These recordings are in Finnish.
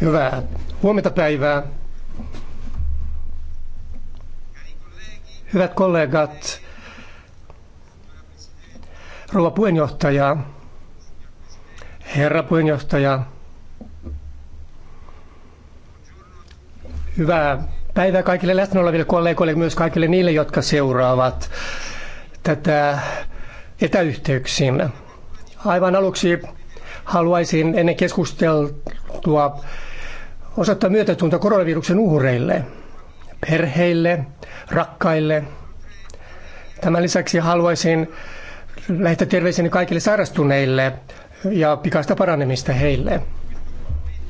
Hyvää huomenta päivää. Hyvät kollegat, rouva puheenjohtaja, herra puheenjohtaja, hyvää päivää kaikille läsnä oleville kollegoille, myös kaikille niille, jotka seuraavat tätä etäyhteyksin Aivan aluksi haluaisin ennen keskusteltua osoittaa myötätunto koronaviruksen uhreille, perheille, rakkaille. Tämän lisäksi haluaisin lähettää terveiseni kaikille sairastuneille ja pikaista paranemista heille.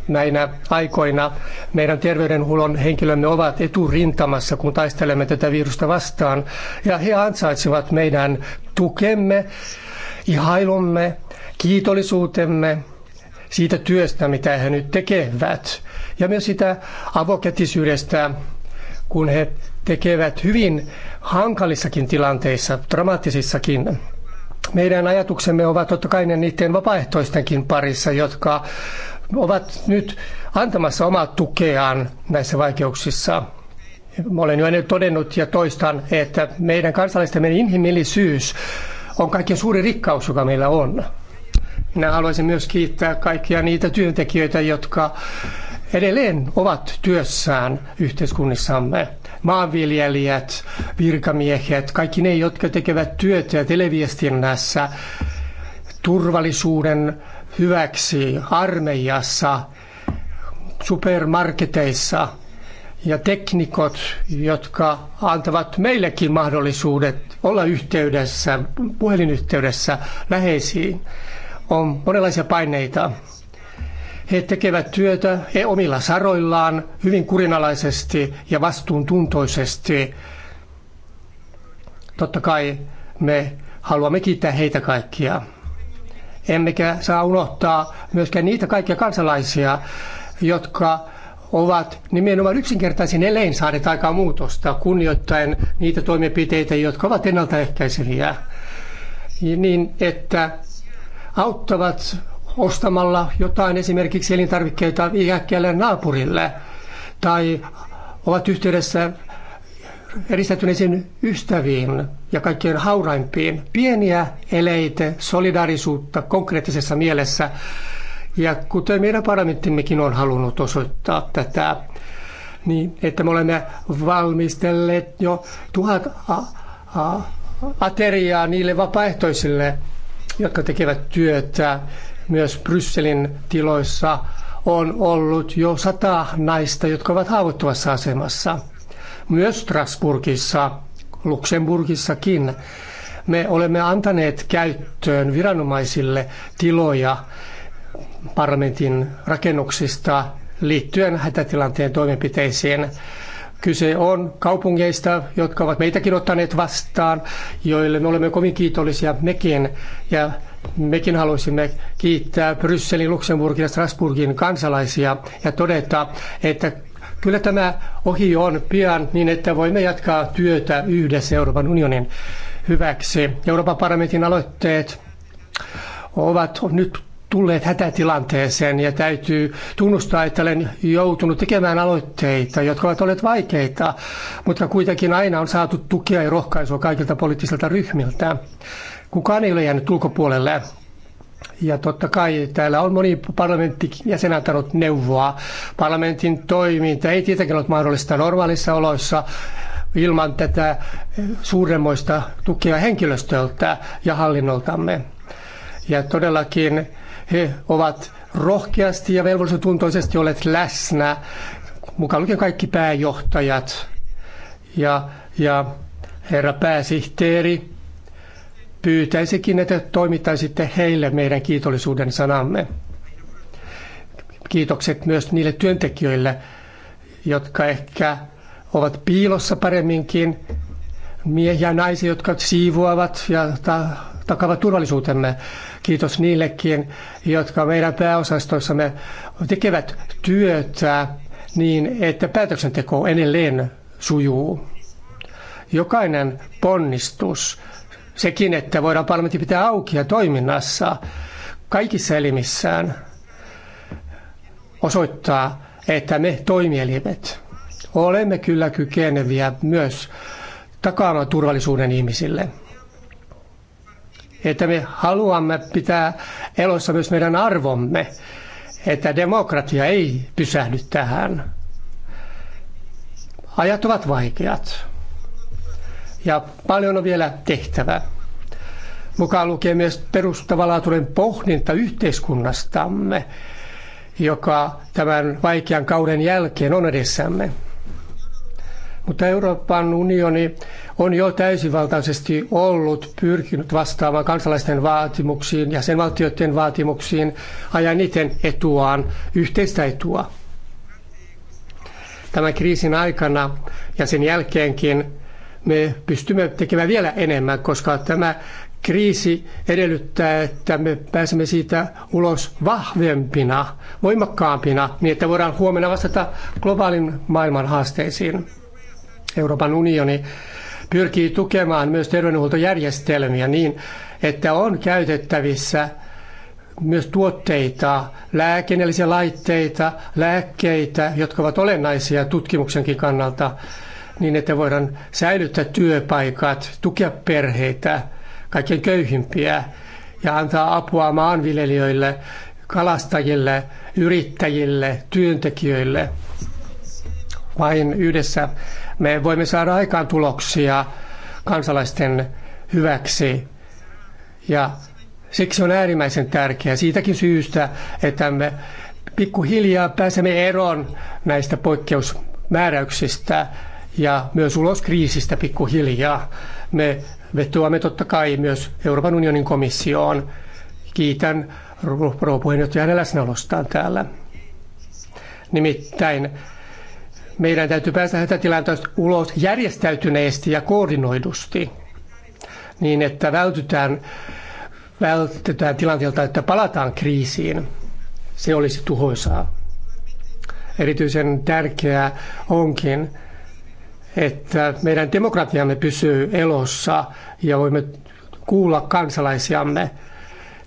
Näinä aikoina meidän terveydenhuollon henkilömme ovat eturintamassa, kun taistelemme tätä virusta vastaan, ja he ansaitsevat meidän tukemme ihailumme, kiitollisuutemme siitä työstä, mitä he nyt tekevät, ja myös sitä avokätisyydestä, kun he tekevät hyvin hankalissakin tilanteissa, dramaattisissakin. Meidän ajatuksemme ovat totta kai ne niiden vapaaehtoistenkin parissa, jotka ovat nyt antamassa omaa tukeaan näissä vaikeuksissa. Olen jo ennen todennut ja toistan, että meidän kansalaistemme inhimillisyys on kaikkein suuri rikkaus, joka meillä on. Minä haluaisin myös kiittää kaikkia niitä työntekijöitä, jotka edelleen ovat työssään yhteiskunnissamme. Maanviljelijät, virkamiehet, kaikki ne, jotka tekevät työtä televiestinnässä, turvallisuuden hyväksi, armeijassa, supermarketeissa – ja teknikot, jotka antavat meillekin mahdollisuudet olla yhteydessä, puhelinyhteydessä läheisiin. On monenlaisia paineita. He tekevät työtä he omilla saroillaan hyvin kurinalaisesti ja vastuuntuntoisesti. Totta kai me haluamme kiittää heitä kaikkia. Emmekä saa unohtaa myöskään niitä kaikkia kansalaisia, jotka ovat nimenomaan yksinkertaisin elein saaneet aikaa muutosta kunnioittaen niitä toimenpiteitä, jotka ovat ennaltaehkäiseviä, niin että auttavat ostamalla jotain esimerkiksi elintarvikkeita iäkkäälle naapurille tai ovat yhteydessä eristäytyneisiin ystäviin ja kaikkien hauraimpiin. Pieniä eleitä, solidaarisuutta konkreettisessa mielessä ja kuten meidän parlamenttimmekin on halunnut osoittaa tätä, niin että me olemme valmistelleet jo tuhat a- a- ateriaa niille vapaaehtoisille, jotka tekevät työtä. Myös Brysselin tiloissa on ollut jo sata naista, jotka ovat haavoittuvassa asemassa. Myös Strasburgissa, Luxemburgissakin, me olemme antaneet käyttöön viranomaisille tiloja, parlamentin rakennuksista liittyen hätätilanteen toimenpiteisiin. Kyse on kaupungeista, jotka ovat meitäkin ottaneet vastaan, joille me olemme kovin kiitollisia mekin. Ja mekin haluaisimme kiittää Brysselin, Luxemburgin ja Strasbourgin kansalaisia ja todeta, että kyllä tämä ohi on pian niin, että voimme jatkaa työtä yhdessä Euroopan unionin hyväksi. Euroopan parlamentin aloitteet ovat nyt tulleet hätätilanteeseen ja täytyy tunnustaa, että olen joutunut tekemään aloitteita, jotka ovat olleet vaikeita, mutta kuitenkin aina on saatu tukea ja rohkaisua kaikilta poliittisilta ryhmiltä. Kukaan ei ole jäänyt ulkopuolelle. Ja totta kai täällä on moni jäsen antanut neuvoa. Parlamentin toiminta ei tietenkään ole mahdollista normaalissa oloissa ilman tätä suuremmoista tukea henkilöstöltä ja hallinnoltamme. Ja todellakin he ovat rohkeasti ja velvollisuutuntoisesti olleet läsnä, mukaan lukien kaikki pääjohtajat ja, ja herra pääsihteeri. Pyytäisikin, että toimittaisitte heille meidän kiitollisuuden sanamme. Kiitokset myös niille työntekijöille, jotka ehkä ovat piilossa paremminkin, miehiä ja naisia, jotka siivoavat ja ta- takavat turvallisuutemme. Kiitos niillekin, jotka meidän pääosastoissamme tekevät työtä niin, että päätöksenteko edelleen sujuu. Jokainen ponnistus, sekin, että voidaan parlamentti pitää auki ja toiminnassa kaikissa elimissään, osoittaa, että me toimielimet olemme kyllä kykeneviä myös takaamaan turvallisuuden ihmisille että me haluamme pitää elossa myös meidän arvomme, että demokratia ei pysähdy tähän. Ajat ovat vaikeat ja paljon on vielä tehtävää. Mukaan lukee myös perustavanlaatuinen pohdinta yhteiskunnastamme, joka tämän vaikean kauden jälkeen on edessämme. Mutta Euroopan unioni on jo täysivaltaisesti ollut pyrkinyt vastaamaan kansalaisten vaatimuksiin ja sen valtioiden vaatimuksiin ajan niiden etuaan, yhteistä etua. Tämän kriisin aikana ja sen jälkeenkin me pystymme tekemään vielä enemmän, koska tämä kriisi edellyttää, että me pääsemme siitä ulos vahvempina, voimakkaampina, niin että voidaan huomenna vastata globaalin maailman haasteisiin. Euroopan unioni pyrkii tukemaan myös terveydenhuoltojärjestelmiä niin, että on käytettävissä myös tuotteita, lääkinnällisiä laitteita, lääkkeitä, jotka ovat olennaisia tutkimuksenkin kannalta, niin että voidaan säilyttää työpaikat, tukea perheitä, kaikkein köyhimpiä ja antaa apua maanviljelijöille, kalastajille, yrittäjille, työntekijöille – vain yhdessä me voimme saada aikaan tuloksia kansalaisten hyväksi. Ja siksi on äärimmäisen tärkeää siitäkin syystä, että me pikkuhiljaa pääsemme eroon näistä poikkeusmääräyksistä ja myös ulos kriisistä pikkuhiljaa. Me vetoamme totta kai myös Euroopan unionin komissioon. Kiitän rouva puheenjohtajan läsnäolostaan täällä. Nimittäin meidän täytyy päästä hätätilanteesta ulos järjestäytyneesti ja koordinoidusti, niin että vältytään, vältytään tilanteelta, että palataan kriisiin. Se olisi tuhoisaa. Erityisen tärkeää onkin, että meidän demokratiamme pysyy elossa ja voimme kuulla kansalaisiamme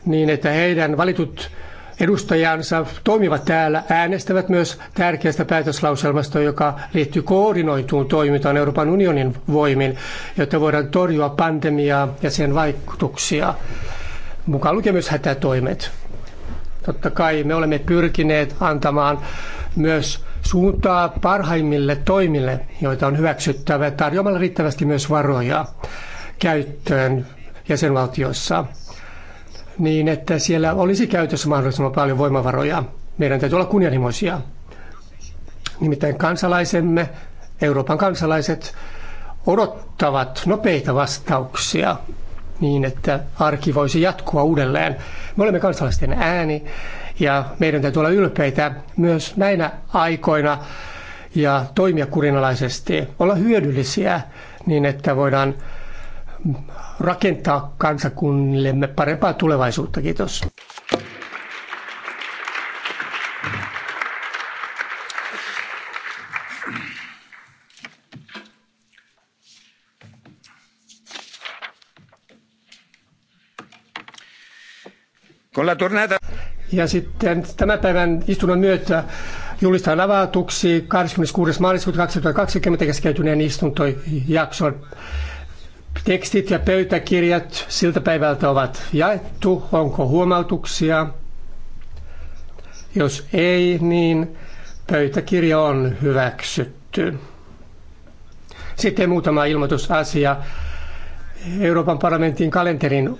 niin, että heidän valitut edustajansa toimivat täällä, äänestävät myös tärkeästä päätöslauselmasta, joka liittyy koordinoituun toimintaan Euroopan unionin voimin, jotta voidaan torjua pandemiaa ja sen vaikutuksia, mukaan lukien myös hätätoimet. Totta kai me olemme pyrkineet antamaan myös suuntaa parhaimmille toimille, joita on hyväksyttävä, tarjoamalla riittävästi myös varoja käyttöön jäsenvaltioissa niin, että siellä olisi käytössä mahdollisimman paljon voimavaroja. Meidän täytyy olla kunnianhimoisia. Nimittäin kansalaisemme, Euroopan kansalaiset, odottavat nopeita vastauksia niin, että arki voisi jatkua uudelleen. Me olemme kansalaisten ääni ja meidän täytyy olla ylpeitä myös näinä aikoina ja toimia kurinalaisesti, olla hyödyllisiä niin, että voidaan rakentaa kansakunnillemme parempaa tulevaisuutta. Kiitos. Ja sitten tämän päivän istunnon myötä julistan avautuksi 26. maaliskuuta 2020 keskeytyneen istuntojakson. Tekstit ja pöytäkirjat siltä päivältä ovat jaettu. Onko huomautuksia? Jos ei, niin pöytäkirja on hyväksytty. Sitten muutama ilmoitusasia. Euroopan parlamentin kalenterin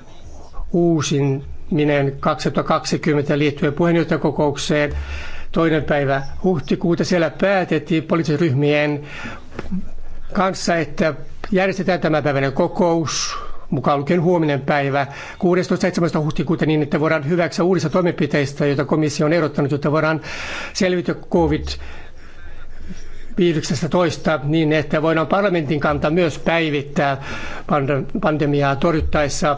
uusiminen 2020 liittyen puheenjohtajakokoukseen toinen päivä huhtikuuta. Siellä päätettiin poliisiryhmien kanssa, että järjestetään päivänä kokous, mukaan lukien huominen päivä 16.17. huhtikuuta niin, että voidaan hyväksyä uudista toimenpiteistä, joita komissio on ehdottanut, jotta voidaan selvitä covid 19 niin, että voidaan parlamentin kanta myös päivittää pandemiaa torjuttaessa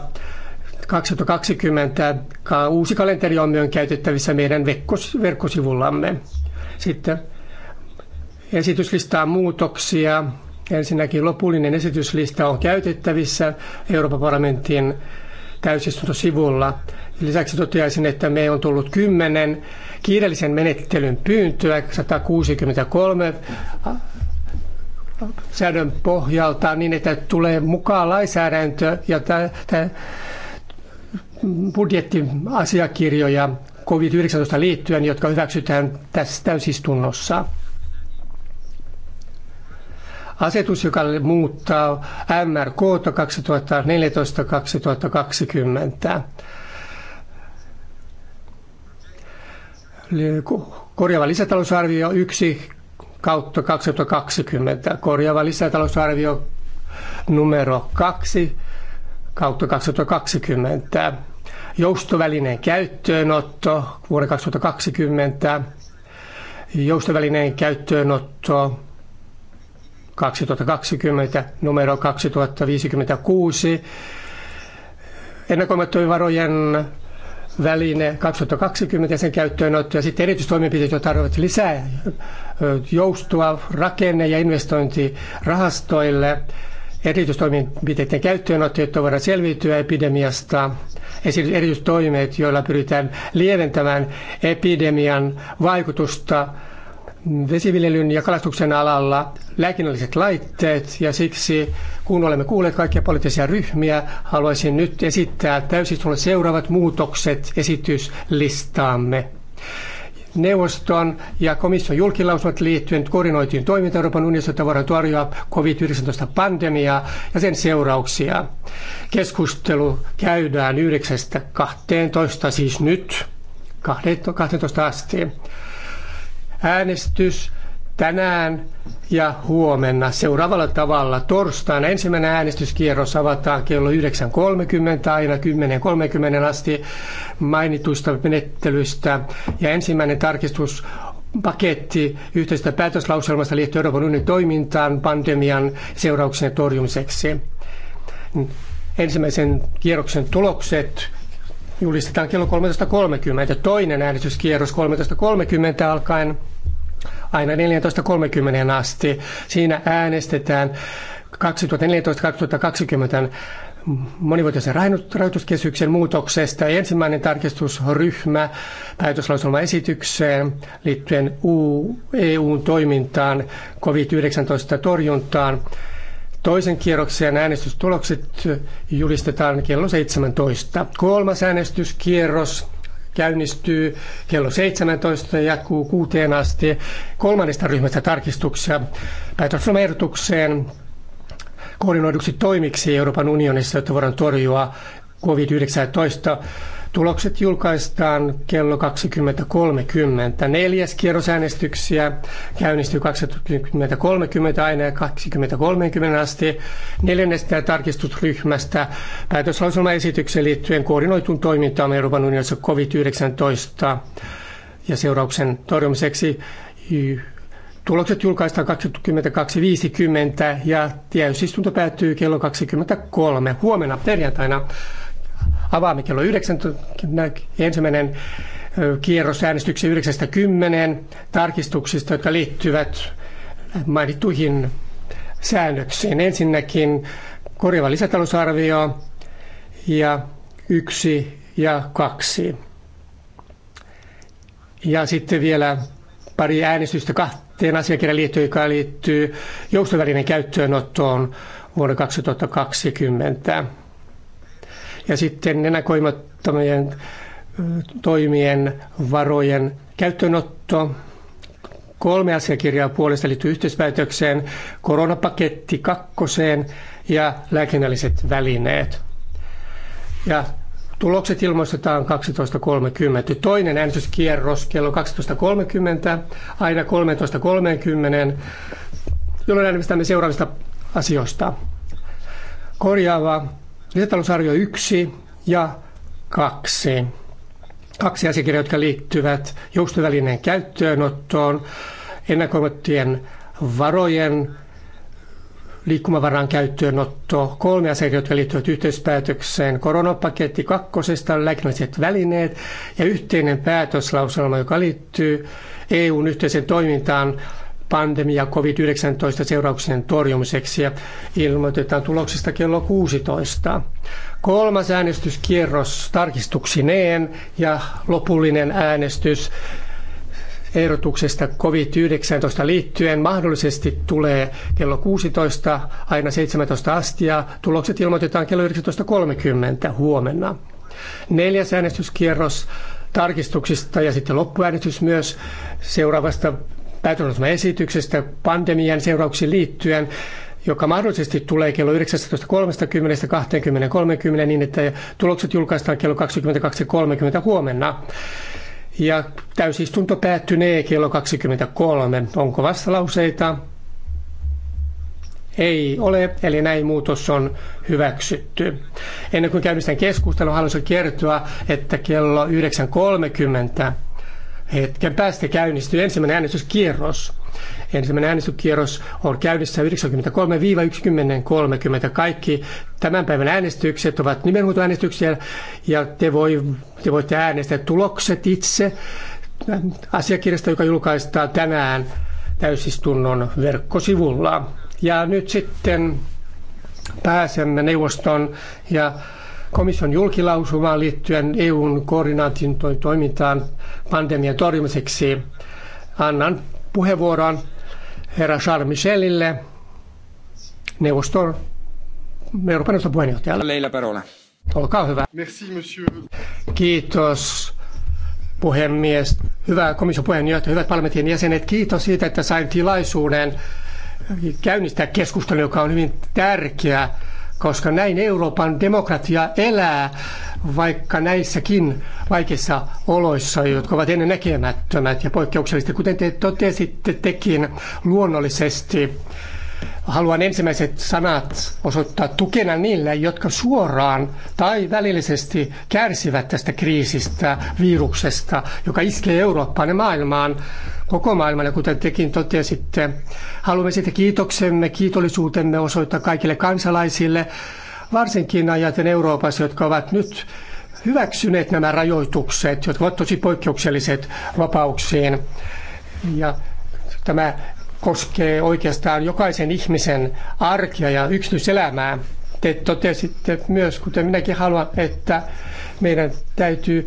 2020. Uusi kalenteri on myös käytettävissä meidän verkkosivullamme. Sitten esityslistaan muutoksia. Ensinnäkin lopullinen esityslista on käytettävissä Euroopan parlamentin täysistuntosivulla. Lisäksi toteaisin, että me on tullut kymmenen kiireellisen menettelyn pyyntöä 163 säädön pohjalta niin, että tulee mukaan lainsäädäntö ja tämä budjettiasiakirjoja COVID-19 liittyen, jotka hyväksytään tässä täysistunnossa asetus, joka muuttaa MRK 2014-2020. Korjaava lisätalousarvio 1 kautta 2020. Korjaava lisätalousarvio numero 2 kautta 2020. Joustovälineen käyttöönotto vuonna 2020. Joustovälineen käyttöönotto 2020 numero 2056. Ennakoimattomien varojen väline 2020 ja sen käyttöönotto ja sitten erityistoimenpiteet, jotka tarvitsevat lisää joustua rakenne- ja investointirahastoille, erityistoimenpiteiden käyttöönotto, jotta voidaan selviytyä epidemiasta, erityistoimet, joilla pyritään lieventämään epidemian vaikutusta vesiviljelyn ja kalastuksen alalla lääkinnälliset laitteet ja siksi kun olemme kuulleet kaikkia poliittisia ryhmiä, haluaisin nyt esittää täysistunnolle seuraavat muutokset esityslistaamme. Neuvoston ja komission julkilausumat liittyen koordinoitiin toiminta Euroopan unionissa, jotta voidaan torjua COVID-19-pandemiaa ja sen seurauksia. Keskustelu käydään 9.12. siis nyt 12 asti äänestys tänään ja huomenna seuraavalla tavalla. Torstaina ensimmäinen äänestyskierros avataan kello 9.30 aina 10.30 asti mainituista menettelyistä. Ja ensimmäinen tarkistus paketti yhteisestä päätöslauselmasta liittyen Euroopan unionin toimintaan pandemian seurauksien torjumiseksi. Ensimmäisen kierroksen tulokset julistetaan kello 13.30. Toinen äänestyskierros 13.30 alkaen aina 14.30 asti. Siinä äänestetään 2014-2020 monivuotisen rahoituskeskyksen muutoksesta. Ensimmäinen tarkistusryhmä päätöslauselmaesitykseen liittyen EUn toimintaan COVID-19 torjuntaan Toisen kierroksen äänestystulokset julistetaan kello 17. Kolmas äänestyskierros käynnistyy kello 17 ja jatkuu kuuteen asti. Kolmannesta ryhmästä tarkistuksia päätöslomaehdotukseen koordinoiduksi toimiksi Euroopan unionissa, jotta voidaan torjua COVID-19 Tulokset julkaistaan kello 20.30. Neljäs kierros äänestyksiä käynnistyy 20.30 aina ja 20.30 asti. Neljännestä tarkistusryhmästä päätöslauselmaesitykseen liittyen koordinoitun toimintaan Euroopan unionissa COVID-19 ja seurauksen torjumiseksi Tulokset julkaistaan 22.50 ja täysistunto päättyy kello 23 huomenna perjantaina avaamme kello 9 ensimmäinen kierros äänestyksen 90 tarkistuksista, jotka liittyvät mainittuihin säännöksiin. Ensinnäkin korjava lisätalousarvio ja yksi ja kaksi. Ja sitten vielä pari äänestystä kahteen asiakirjan liittyen, joka liittyy joustovälinen käyttöönottoon vuonna 2020 ja sitten ennakoimattomien toimien varojen käyttöönotto. Kolme asiakirjaa puolesta liittyy yhteispäätökseen, koronapaketti kakkoseen ja lääkinnälliset välineet. Ja tulokset ilmoistetaan 12.30. Toinen äänestyskierros kello 12.30 aina 13.30, jolloin äänestämme seuraavista asioista. Korjaava lisätalousarvio 1 ja 2. Kaksi asiakirjaa, jotka liittyvät joustovälineen käyttöönottoon, ennakoimattien varojen liikkumavaran käyttöönotto, kolme asiakirjaa, jotka liittyvät yhteispäätökseen, koronapaketti kakkosesta, lääkinnälliset välineet ja yhteinen päätöslauselma, joka liittyy EUn yhteiseen toimintaan pandemia COVID-19 seurauksien torjumiseksi ja ilmoitetaan tuloksista kello 16. Kolmas äänestyskierros tarkistuksineen ja lopullinen äänestys ehdotuksesta COVID-19 liittyen mahdollisesti tulee kello 16 aina 17 asti ja tulokset ilmoitetaan kello 19.30 huomenna. Neljäs äänestyskierros tarkistuksista ja sitten loppuäänestys myös seuraavasta esityksestä pandemian seurauksiin liittyen, joka mahdollisesti tulee kello 19.30-20.30 niin, että tulokset julkaistaan kello 22.30 huomenna. Ja täysistunto päättynee kello 23. Onko vastalauseita? Ei ole, eli näin muutos on hyväksytty. Ennen kuin käynnistän keskustelun, haluaisin kertoa, että kello 9.30 hetken päästä käynnistyy ensimmäinen äänestyskierros. Ensimmäinen äänestyskierros on käynnissä 93-1030. Kaikki tämän päivän äänestykset ovat nimenhuutoäänestyksiä ja te, voi, te voitte äänestää tulokset itse asiakirjasta, joka julkaistaan tänään täysistunnon verkkosivulla. Ja nyt sitten pääsemme neuvoston ja komission julkilausumaan liittyen EUn koordinaatin toimintaan pandemian torjumiseksi. Annan puheenvuoron herra Charles Michelille, neuvoston, Euroopan neuvoston puheenjohtajalle. Leila Perola. Olkaa hyvä. Merci, monsieur. Kiitos puhemies, hyvä komission puheenjohtaja, hyvät parlamentin jäsenet. Kiitos siitä, että sain tilaisuuden käynnistää keskustelu, joka on hyvin tärkeä koska näin Euroopan demokratia elää, vaikka näissäkin vaikeissa oloissa, jotka ovat ennen näkemättömät ja poikkeukselliset. Kuten te totesitte tekin luonnollisesti, haluan ensimmäiset sanat osoittaa tukena niille, jotka suoraan tai välillisesti kärsivät tästä kriisistä, viruksesta, joka iskee Eurooppaan ja maailmaan koko maailmalle, kuten tekin totesitte, haluamme sitten kiitoksemme, kiitollisuutemme osoittaa kaikille kansalaisille, varsinkin ajaten Euroopassa, jotka ovat nyt hyväksyneet nämä rajoitukset, jotka ovat tosi poikkeukselliset vapauksiin. Ja tämä koskee oikeastaan jokaisen ihmisen arkea ja yksityiselämää. Te totesitte myös, kuten minäkin haluan, että meidän täytyy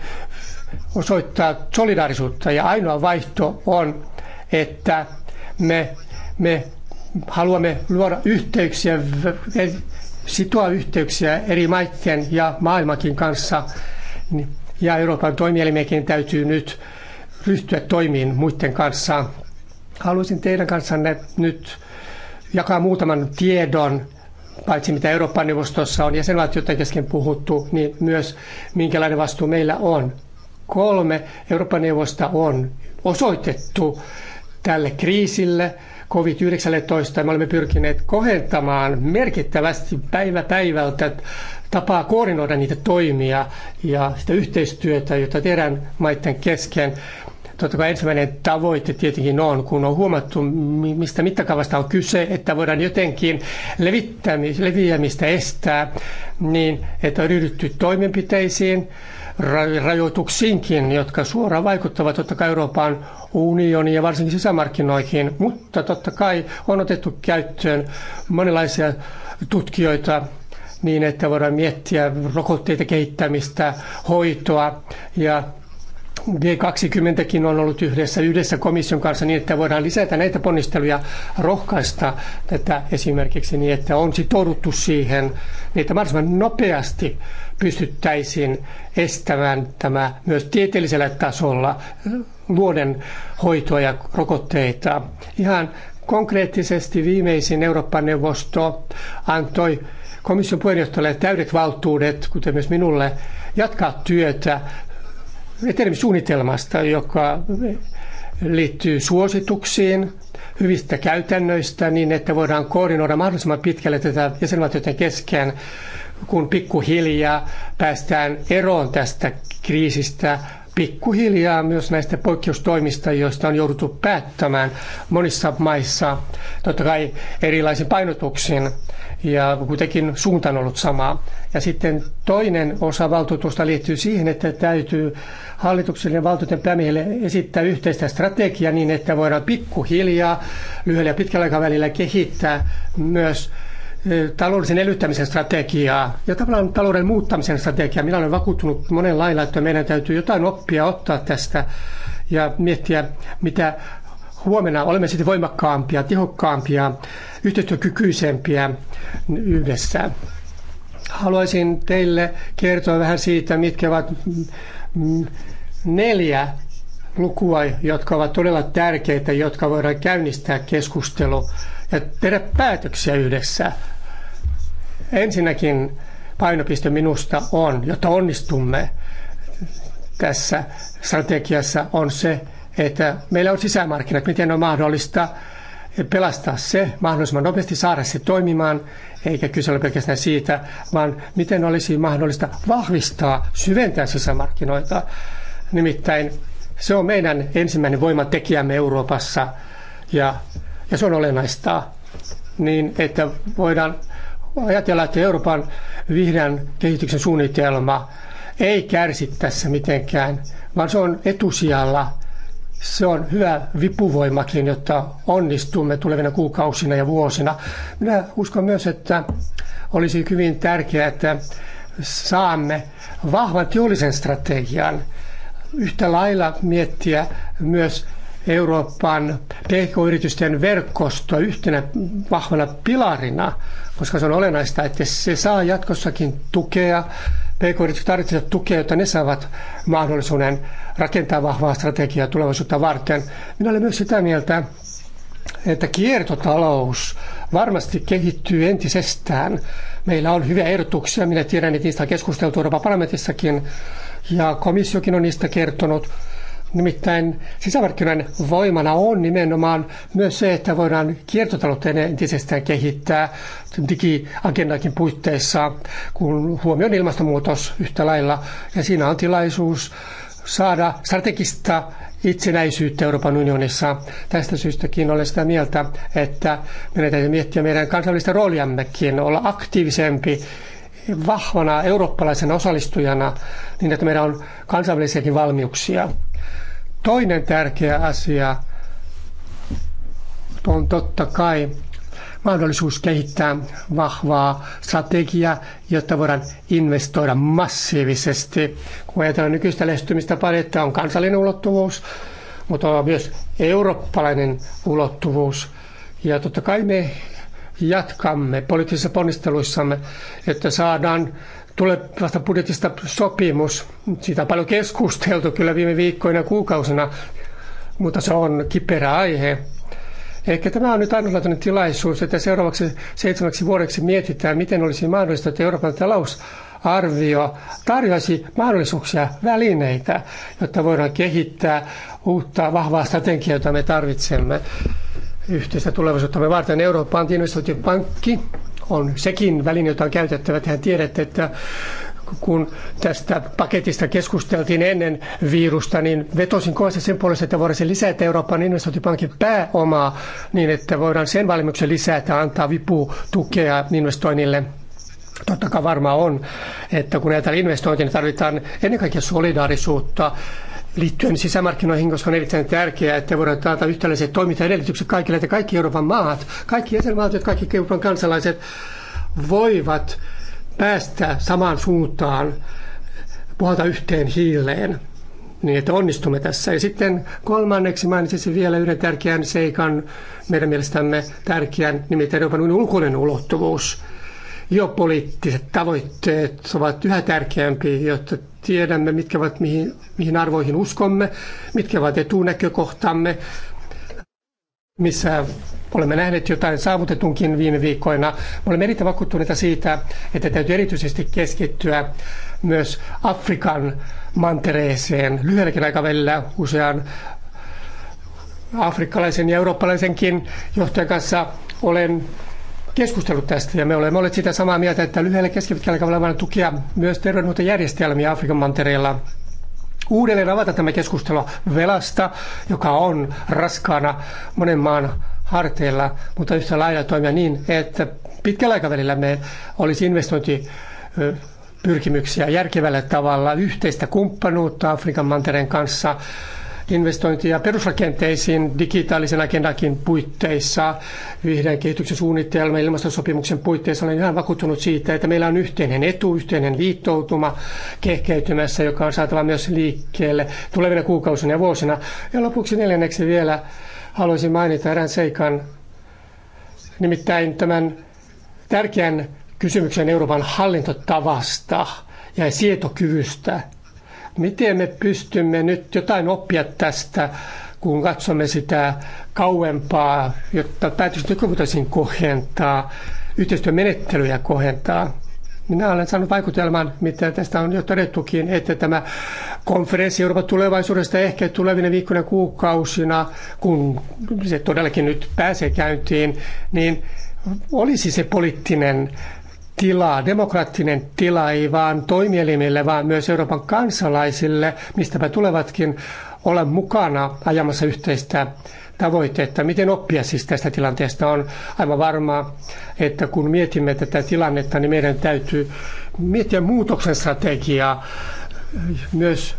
osoittaa solidaarisuutta. Ja ainoa vaihto on, että me, me haluamme luoda yhteyksiä, sitoa yhteyksiä eri maiden ja maailmankin kanssa. Ja Euroopan toimielimienkin täytyy nyt ryhtyä toimiin muiden kanssa. Haluaisin teidän kanssanne nyt jakaa muutaman tiedon, paitsi mitä Euroopan neuvostossa on jäsenvaltioiden kesken puhuttu, niin myös minkälainen vastuu meillä on Kolme Euroopan neuvosta on osoitettu tälle kriisille COVID-19. Me olemme pyrkineet kohentamaan merkittävästi päivä päivältä tapaa koordinoida niitä toimia ja sitä yhteistyötä, jota tehdään maiden kesken. Totta kai ensimmäinen tavoite tietenkin on, kun on huomattu, mistä mittakaavasta on kyse, että voidaan jotenkin leviämistä estää, niin että on ryhdytty toimenpiteisiin, rajoituksiinkin, jotka suoraan vaikuttavat totta kai Euroopan unioniin ja varsinkin sisämarkkinoihin, mutta totta kai on otettu käyttöön monenlaisia tutkijoita niin, että voidaan miettiä rokotteita kehittämistä, hoitoa ja G20kin on ollut yhdessä, yhdessä komission kanssa niin, että voidaan lisätä näitä ponnisteluja, rohkaista tätä esimerkiksi niin, että on sitouduttu siihen, niin että mahdollisimman nopeasti pystyttäisiin estämään tämä myös tieteellisellä tasolla luoden hoitoa ja rokotteita. Ihan konkreettisesti viimeisin Euroopan neuvosto antoi komission puheenjohtajalle täydet valtuudet, kuten myös minulle, jatkaa työtä etenemissuunnitelmasta, joka liittyy suosituksiin, hyvistä käytännöistä, niin että voidaan koordinoida mahdollisimman pitkälle tätä jäsenvaltioiden kesken, kun pikkuhiljaa päästään eroon tästä kriisistä, pikkuhiljaa myös näistä poikkeustoimista, joista on jouduttu päättämään monissa maissa, totta kai erilaisin painotuksin, ja kuitenkin suunta on ollut sama. Ja sitten toinen osa valtuutusta liittyy siihen, että täytyy hallitukselle ja valtuuten päämiehelle esittää yhteistä strategiaa niin, että voidaan pikkuhiljaa lyhyellä ja pitkällä aikavälillä kehittää myös taloudellisen elvyttämisen strategiaa ja tavallaan talouden muuttamisen strategiaa. Minä olen vakuuttunut monen lailla, että meidän täytyy jotain oppia ottaa tästä ja miettiä, mitä huomenna olemme sitten voimakkaampia, tehokkaampia, yhteistyökykyisempiä yhdessä. Haluaisin teille kertoa vähän siitä, mitkä ovat neljä lukua, jotka ovat todella tärkeitä, jotka voidaan käynnistää keskustelu ja tehdä päätöksiä yhdessä. Ensinnäkin painopiste minusta on, jotta onnistumme tässä strategiassa, on se, että meillä on sisämarkkinat, miten on mahdollista pelastaa se, mahdollisimman nopeasti saada se toimimaan, eikä kyse ole pelkästään siitä, vaan miten olisi mahdollista vahvistaa, syventää sisämarkkinoita Nimittäin se on meidän ensimmäinen voimatekijämme Euroopassa ja, ja se on olennaista, niin että voidaan ajatella, että Euroopan vihreän kehityksen suunnitelma ei kärsi tässä mitenkään, vaan se on etusijalla. Se on hyvä vipuvoimakin, jotta onnistumme tulevina kuukausina ja vuosina. Minä uskon myös, että olisi hyvin tärkeää, että saamme vahvan teollisen strategian, yhtä lailla miettiä myös Euroopan pk-yritysten verkosto yhtenä vahvana pilarina, koska se on olennaista, että se saa jatkossakin tukea. PK-yritykset tarvitsevat tukea, jotta ne saavat mahdollisuuden rakentaa vahvaa strategiaa tulevaisuutta varten. Minä olen myös sitä mieltä, että kiertotalous varmasti kehittyy entisestään. Meillä on hyviä ehdotuksia, minä tiedän, että niistä on keskusteltu Euroopan parlamentissakin, ja komissiokin on niistä kertonut. Nimittäin sisämarkkinoiden voimana on nimenomaan myös se, että voidaan kiertotaloutta entisestään kehittää digiagendakin puitteissa, kun huomioon ilmastonmuutos yhtä lailla. Ja siinä on tilaisuus saada strategista itsenäisyyttä Euroopan unionissa. Tästä syystäkin olen sitä mieltä, että meidän täytyy miettiä meidän kansallista rooliammekin, olla aktiivisempi vahvana eurooppalaisena osallistujana niin, että meillä on kansainvälisiäkin valmiuksia. Toinen tärkeä asia on totta kai mahdollisuus kehittää vahvaa strategiaa, jotta voidaan investoida massiivisesti. Kun ajatellaan nykyistä paljon, niin että on kansallinen ulottuvuus, mutta on myös eurooppalainen ulottuvuus. Ja totta kai me jatkamme poliittisissa ponnisteluissamme, että saadaan tulevasta budjetista sopimus. Siitä on paljon keskusteltu kyllä viime viikkoina ja kuukausina, mutta se on kiperä aihe. Ehkä tämä on nyt ainutlaatuinen tilaisuus, että seuraavaksi seitsemäksi vuodeksi mietitään, miten olisi mahdollista, että Euroopan talousarvio tarjoaisi mahdollisuuksia, välineitä, jotta voidaan kehittää uutta vahvaa strategiaa, jota me tarvitsemme yhteistä tulevaisuuttamme varten. Euroopan investointipankki on sekin väline, jota on käytettävä. Tehän tiedätte, että kun tästä paketista keskusteltiin ennen virusta, niin vetosin kovasti sen puolesta, että voidaan lisätä Euroopan investointipankin pääomaa niin, että voidaan sen valmiuksen lisätä, antaa tukea investoinnille. Totta kai varmaan on, että kun näitä investointeja, niin tarvitaan ennen kaikkea solidaarisuutta liittyen sisämarkkinoihin, koska on erittäin tärkeää, että voidaan taata yhtäläiset toimintaedellytykset kaikille, että kaikki Euroopan maat, kaikki jäsenvaltiot, kaikki Euroopan kansalaiset voivat päästä samaan suuntaan, puhalta yhteen hiileen, niin että onnistumme tässä. Ja sitten kolmanneksi mainitsisin vielä yhden tärkeän seikan, meidän mielestämme tärkeän, nimittäin Euroopan unionin ulkoinen ulottuvuus geopoliittiset tavoitteet ovat yhä tärkeämpiä, jotta tiedämme, mitkä ovat mihin, mihin arvoihin uskomme, mitkä ovat etunäkökohtamme, missä olemme nähneet jotain saavutetunkin viime viikkoina. Me olemme erittäin vakuuttuneita siitä, että täytyy erityisesti keskittyä myös Afrikan mantereeseen lyhyelläkin aikavälillä usean afrikkalaisen ja eurooppalaisenkin johtajan kanssa olen keskustellut tästä ja me olemme olleet sitä samaa mieltä, että lyhyellä keskipitkällä aikavälillä voidaan tukea myös terveydenhuoltojärjestelmiä Afrikan mantereella uudelleen avata tämä keskustelu velasta, joka on raskaana monen maan harteilla, mutta yhtä lailla toimia niin, että pitkällä aikavälillä me olisi investointi pyrkimyksiä järkevällä tavalla, yhteistä kumppanuutta Afrikan mantereen kanssa, investointia perusrakenteisiin digitaalisen agendakin puitteissa, vihreän kehityksen suunnitelma ja ilmastosopimuksen puitteissa. Olen ihan vakuuttunut siitä, että meillä on yhteinen etu, yhteinen liittoutuma kehkeytymässä, joka on saatava myös liikkeelle tulevina kuukausina ja vuosina. Ja lopuksi neljänneksi vielä haluaisin mainita erään seikan, nimittäin tämän tärkeän kysymyksen Euroopan hallintotavasta ja sietokyvystä – Miten me pystymme nyt jotain oppia tästä, kun katsomme sitä kauempaa, jotta päätöksentekoa voitaisiin kohentaa, yhteistyömenettelyjä kohentaa? Minä olen saanut vaikutelman, mitä tästä on jo todettukin, että tämä konferenssi Euroopan tulevaisuudesta ehkä tulevina viikkoina kuukausina, kun se todellakin nyt pääsee käyntiin, niin olisi se poliittinen tilaa, demokraattinen tila ei vaan toimielimille, vaan myös Euroopan kansalaisille, mistäpä tulevatkin, olla mukana ajamassa yhteistä tavoitetta. Miten oppia siis tästä tilanteesta on aivan varmaa, että kun mietimme tätä tilannetta, niin meidän täytyy miettiä muutoksen strategiaa, myös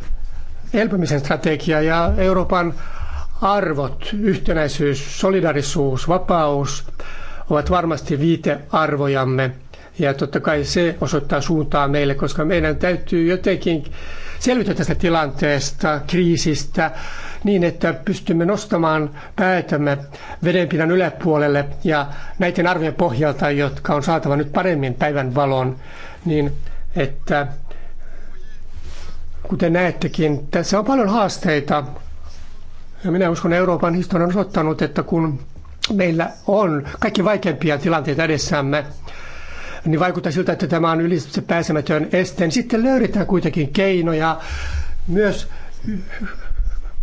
elpymisen strategiaa ja Euroopan arvot, yhtenäisyys, solidarisuus, vapaus ovat varmasti viitearvojamme. arvojamme ja totta kai se osoittaa suuntaa meille, koska meidän täytyy jotenkin selvitä tästä tilanteesta, kriisistä, niin että pystymme nostamaan päätämme vedenpinnan yläpuolelle ja näiden arvojen pohjalta, jotka on saatava nyt paremmin päivän valon, niin että kuten näettekin, tässä on paljon haasteita. Ja minä uskon, Euroopan historia on osoittanut, että kun meillä on kaikki vaikeimpia tilanteita edessämme, niin vaikuttaa siltä, että tämä on ylitse pääsemätön este, niin sitten löydetään kuitenkin keinoja myös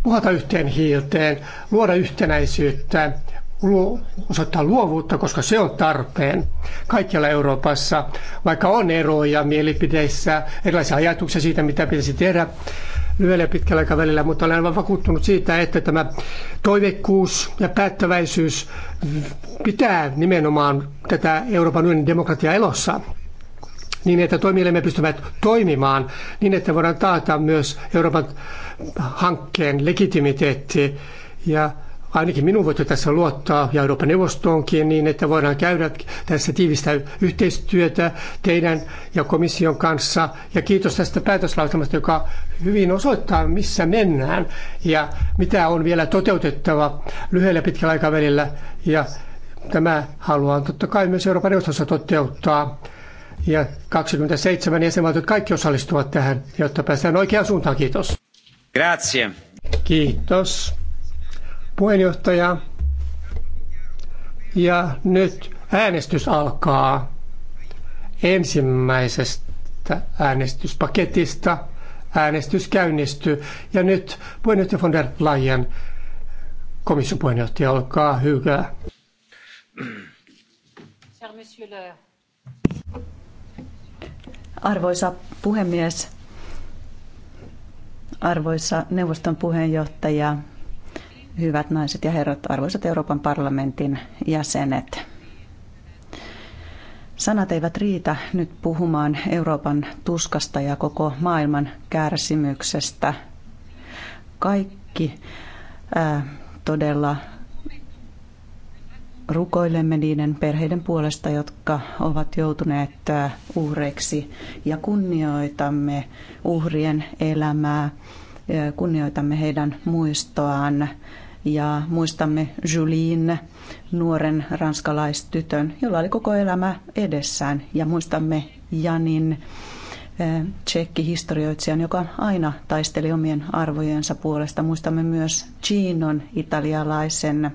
puhata yhteen hiilteen, luoda yhtenäisyyttä, osoittaa luovuutta, koska se on tarpeen kaikkialla Euroopassa, vaikka on eroja mielipiteissä, erilaisia ajatuksia siitä, mitä pitäisi tehdä lyhyellä ja pitkällä aikavälillä, mutta olen aivan vakuuttunut siitä, että tämä toiveikkuus ja päättäväisyys pitää nimenomaan tätä Euroopan unionin demokratiaa elossa niin, että toimielimme pystyvät toimimaan niin, että voidaan taata myös Euroopan hankkeen legitimiteetti ja ainakin minun voitte tässä luottaa ja Euroopan neuvostoonkin niin, että voidaan käydä tässä tiivistä yhteistyötä teidän ja komission kanssa. Ja kiitos tästä päätöslauselmasta, joka hyvin osoittaa, missä mennään ja mitä on vielä toteutettava lyhyellä ja pitkällä aikavälillä. Ja tämä haluan totta kai myös Euroopan neuvostossa toteuttaa. Ja 27 jäsenvaltiot kaikki osallistuvat tähän, jotta päästään oikeaan suuntaan. Kiitos. Grazie. Kiitos puheenjohtaja. Ja nyt äänestys alkaa ensimmäisestä äänestyspaketista. Äänestys käynnistyy. Ja nyt puheenjohtaja von der Leyen, komission puheenjohtaja, olkaa hyvä. Arvoisa puhemies, arvoisa neuvoston puheenjohtaja, Hyvät naiset ja herrat, arvoisat Euroopan parlamentin jäsenet. Sanat eivät riitä nyt puhumaan Euroopan tuskasta ja koko maailman kärsimyksestä. Kaikki ää, todella rukoilemme niiden perheiden puolesta, jotka ovat joutuneet uhreiksi ja kunnioitamme uhrien elämää, kunnioitamme heidän muistoaan ja muistamme Juline, nuoren ranskalaistytön, jolla oli koko elämä edessään ja muistamme Janin eh, tsekkihistorioitsijan, joka aina taisteli omien arvojensa puolesta. Muistamme myös Chinon italialaisen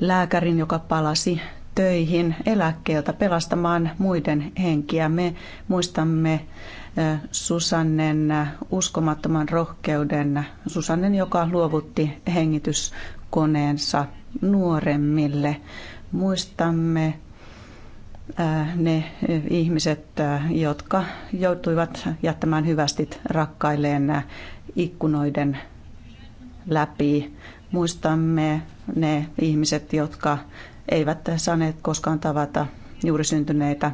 lääkärin, joka palasi töihin eläkkeeltä pelastamaan muiden henkiä. Me muistamme Äh, Susannen äh, uskomattoman rohkeuden, Susannen, joka luovutti hengityskoneensa nuoremmille. Muistamme äh, ne ihmiset, jotka joutuivat jättämään hyvästit rakkailleen ikkunoiden läpi. Muistamme ne ihmiset, jotka eivät saaneet koskaan tavata juuri syntyneitä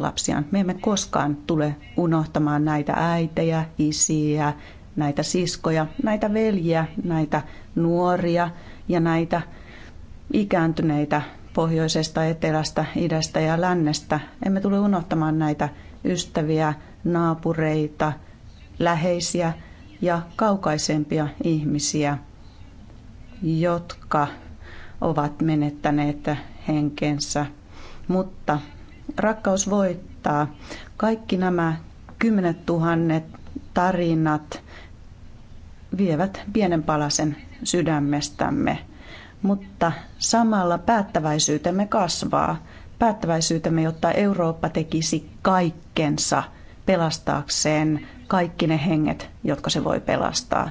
lapsiaan. Me emme koskaan tule unohtamaan näitä äitejä, isiä, näitä siskoja, näitä veljiä, näitä nuoria ja näitä ikääntyneitä pohjoisesta, etelästä, idästä ja lännestä. Emme tule unohtamaan näitä ystäviä, naapureita, läheisiä ja kaukaisempia ihmisiä, jotka ovat menettäneet henkensä mutta rakkaus voittaa. Kaikki nämä kymmenet tuhannet tarinat vievät pienen palasen sydämestämme, mutta samalla päättäväisyytemme kasvaa. Päättäväisyytemme, jotta Eurooppa tekisi kaikkensa pelastaakseen kaikki ne henget, jotka se voi pelastaa.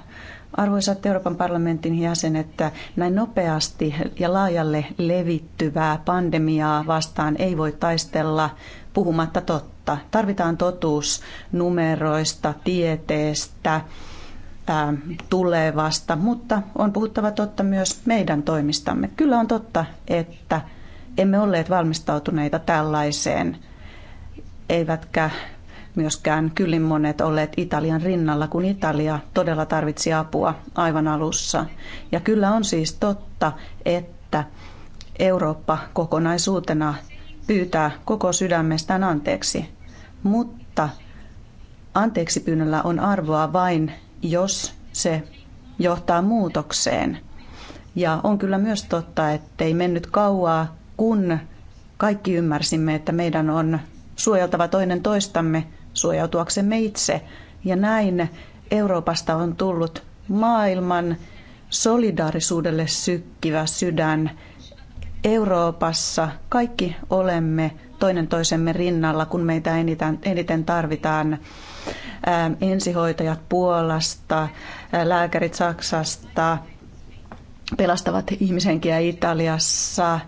Arvoisat Euroopan parlamentin jäsenet, näin nopeasti ja laajalle levittyvää pandemiaa vastaan ei voi taistella puhumatta totta. Tarvitaan totuus numeroista, tieteestä, tulevasta, mutta on puhuttava totta myös meidän toimistamme. Kyllä on totta, että emme olleet valmistautuneita tällaiseen, eivätkä myöskään kyllin monet olleet Italian rinnalla, kun Italia todella tarvitsi apua aivan alussa. Ja kyllä on siis totta, että Eurooppa kokonaisuutena pyytää koko sydämestään anteeksi. Mutta anteeksi pyynnöllä on arvoa vain, jos se johtaa muutokseen. Ja on kyllä myös totta, ettei mennyt kauaa, kun kaikki ymmärsimme, että meidän on suojeltava toinen toistamme suojautuaksemme itse. Ja näin Euroopasta on tullut maailman solidaarisuudelle sykkivä sydän. Euroopassa kaikki olemme toinen toisemme rinnalla, kun meitä eniten, eniten tarvitaan. Ensihoitajat Puolasta, lääkärit Saksasta, pelastavat ihmishenkiä Italiassa,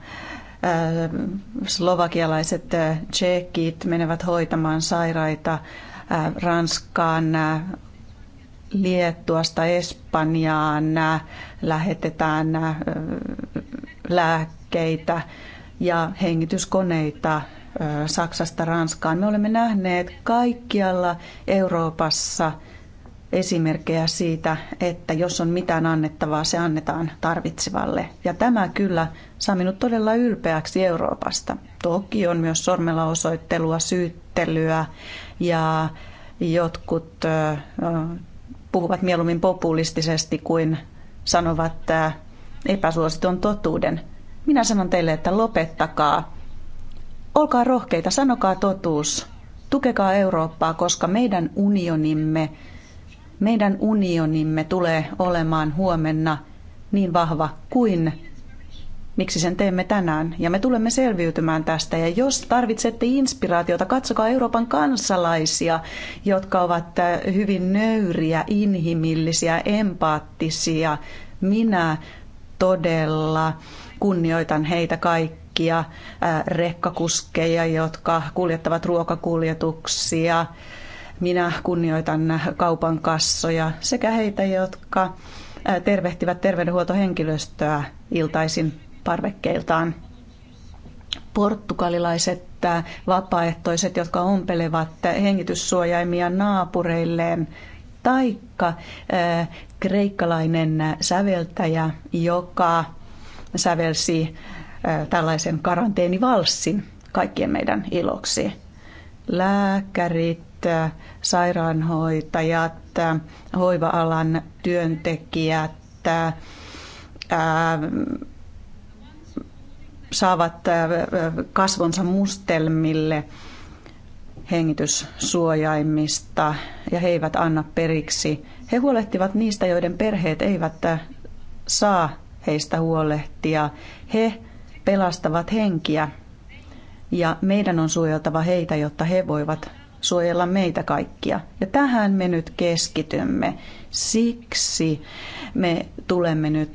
Äh, slovakialaiset äh, tsekit menevät hoitamaan sairaita äh, Ranskaan, Liettuasta Espanjaan lähetetään lääkkeitä ja hengityskoneita Saksasta Ranskaan. Me olemme nähneet kaikkialla Euroopassa – esimerkkejä siitä, että jos on mitään annettavaa, se annetaan tarvitsevalle. Ja tämä kyllä saa minut todella ylpeäksi Euroopasta. Toki on myös sormella osoittelua, syyttelyä ja jotkut puhuvat mieluummin populistisesti kuin sanovat epäsuositon totuuden. Minä sanon teille, että lopettakaa. Olkaa rohkeita, sanokaa totuus. Tukekaa Eurooppaa, koska meidän unionimme meidän unionimme tulee olemaan huomenna niin vahva kuin miksi sen teemme tänään. Ja me tulemme selviytymään tästä. Ja jos tarvitsette inspiraatiota, katsokaa Euroopan kansalaisia, jotka ovat äh, hyvin nöyriä, inhimillisiä, empaattisia. Minä todella kunnioitan heitä kaikkia äh, rekkakuskeja, jotka kuljettavat ruokakuljetuksia, minä kunnioitan kaupan kassoja sekä heitä, jotka tervehtivät terveydenhuoltohenkilöstöä iltaisin parvekkeiltaan. Portugalilaiset vapaaehtoiset, jotka ompelevat hengityssuojaimia naapureilleen, taikka kreikkalainen säveltäjä, joka sävelsi tällaisen karanteenivalssin kaikkien meidän iloksi. Lääkärit sairaanhoitajat, hoiva-alan työntekijät saavat kasvonsa mustelmille hengityssuojaimista ja he eivät anna periksi. He huolehtivat niistä, joiden perheet eivät saa heistä huolehtia. He pelastavat henkiä ja meidän on suojeltava heitä, jotta he voivat suojella meitä kaikkia. Ja tähän me nyt keskitymme. Siksi me tulemme nyt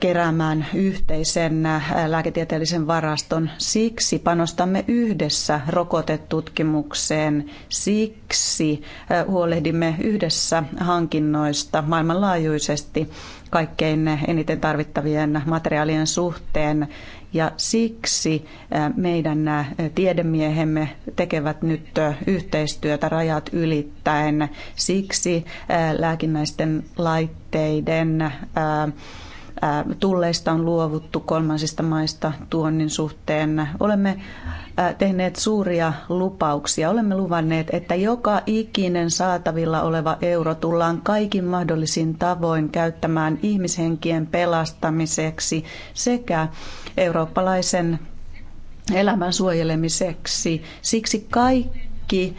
keräämään yhteisen lääketieteellisen varaston. Siksi panostamme yhdessä rokotetutkimukseen. Siksi huolehdimme yhdessä hankinnoista maailmanlaajuisesti kaikkein eniten tarvittavien materiaalien suhteen ja siksi meidän tiedemiehemme tekevät nyt yhteistyötä rajat ylittäen. Siksi lääkinnäisten laitteiden tulleista on luovuttu kolmansista maista tuonnin suhteen. Olemme tehneet suuria lupauksia. Olemme luvanneet, että joka ikinen saatavilla oleva euro tullaan kaikin mahdollisin tavoin käyttämään ihmishenkien pelastamiseksi sekä eurooppalaisen elämän suojelemiseksi. Siksi kaikki kaikki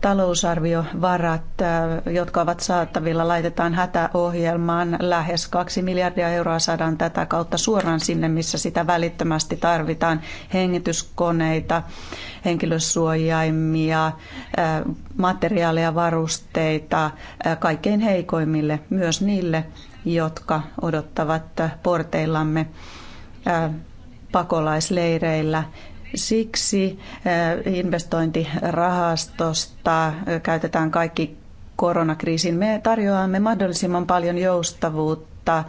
talousarviovarat, jotka ovat saatavilla, laitetaan hätäohjelmaan. Lähes kaksi miljardia euroa saadaan tätä kautta suoraan sinne, missä sitä välittömästi tarvitaan. Hengityskoneita, henkilösuojaimia, materiaalia, varusteita kaikkein heikoimmille, myös niille, jotka odottavat porteillamme pakolaisleireillä Siksi eh, investointirahastosta eh, käytetään kaikki koronakriisin. Me tarjoamme mahdollisimman paljon joustavuutta. Eh,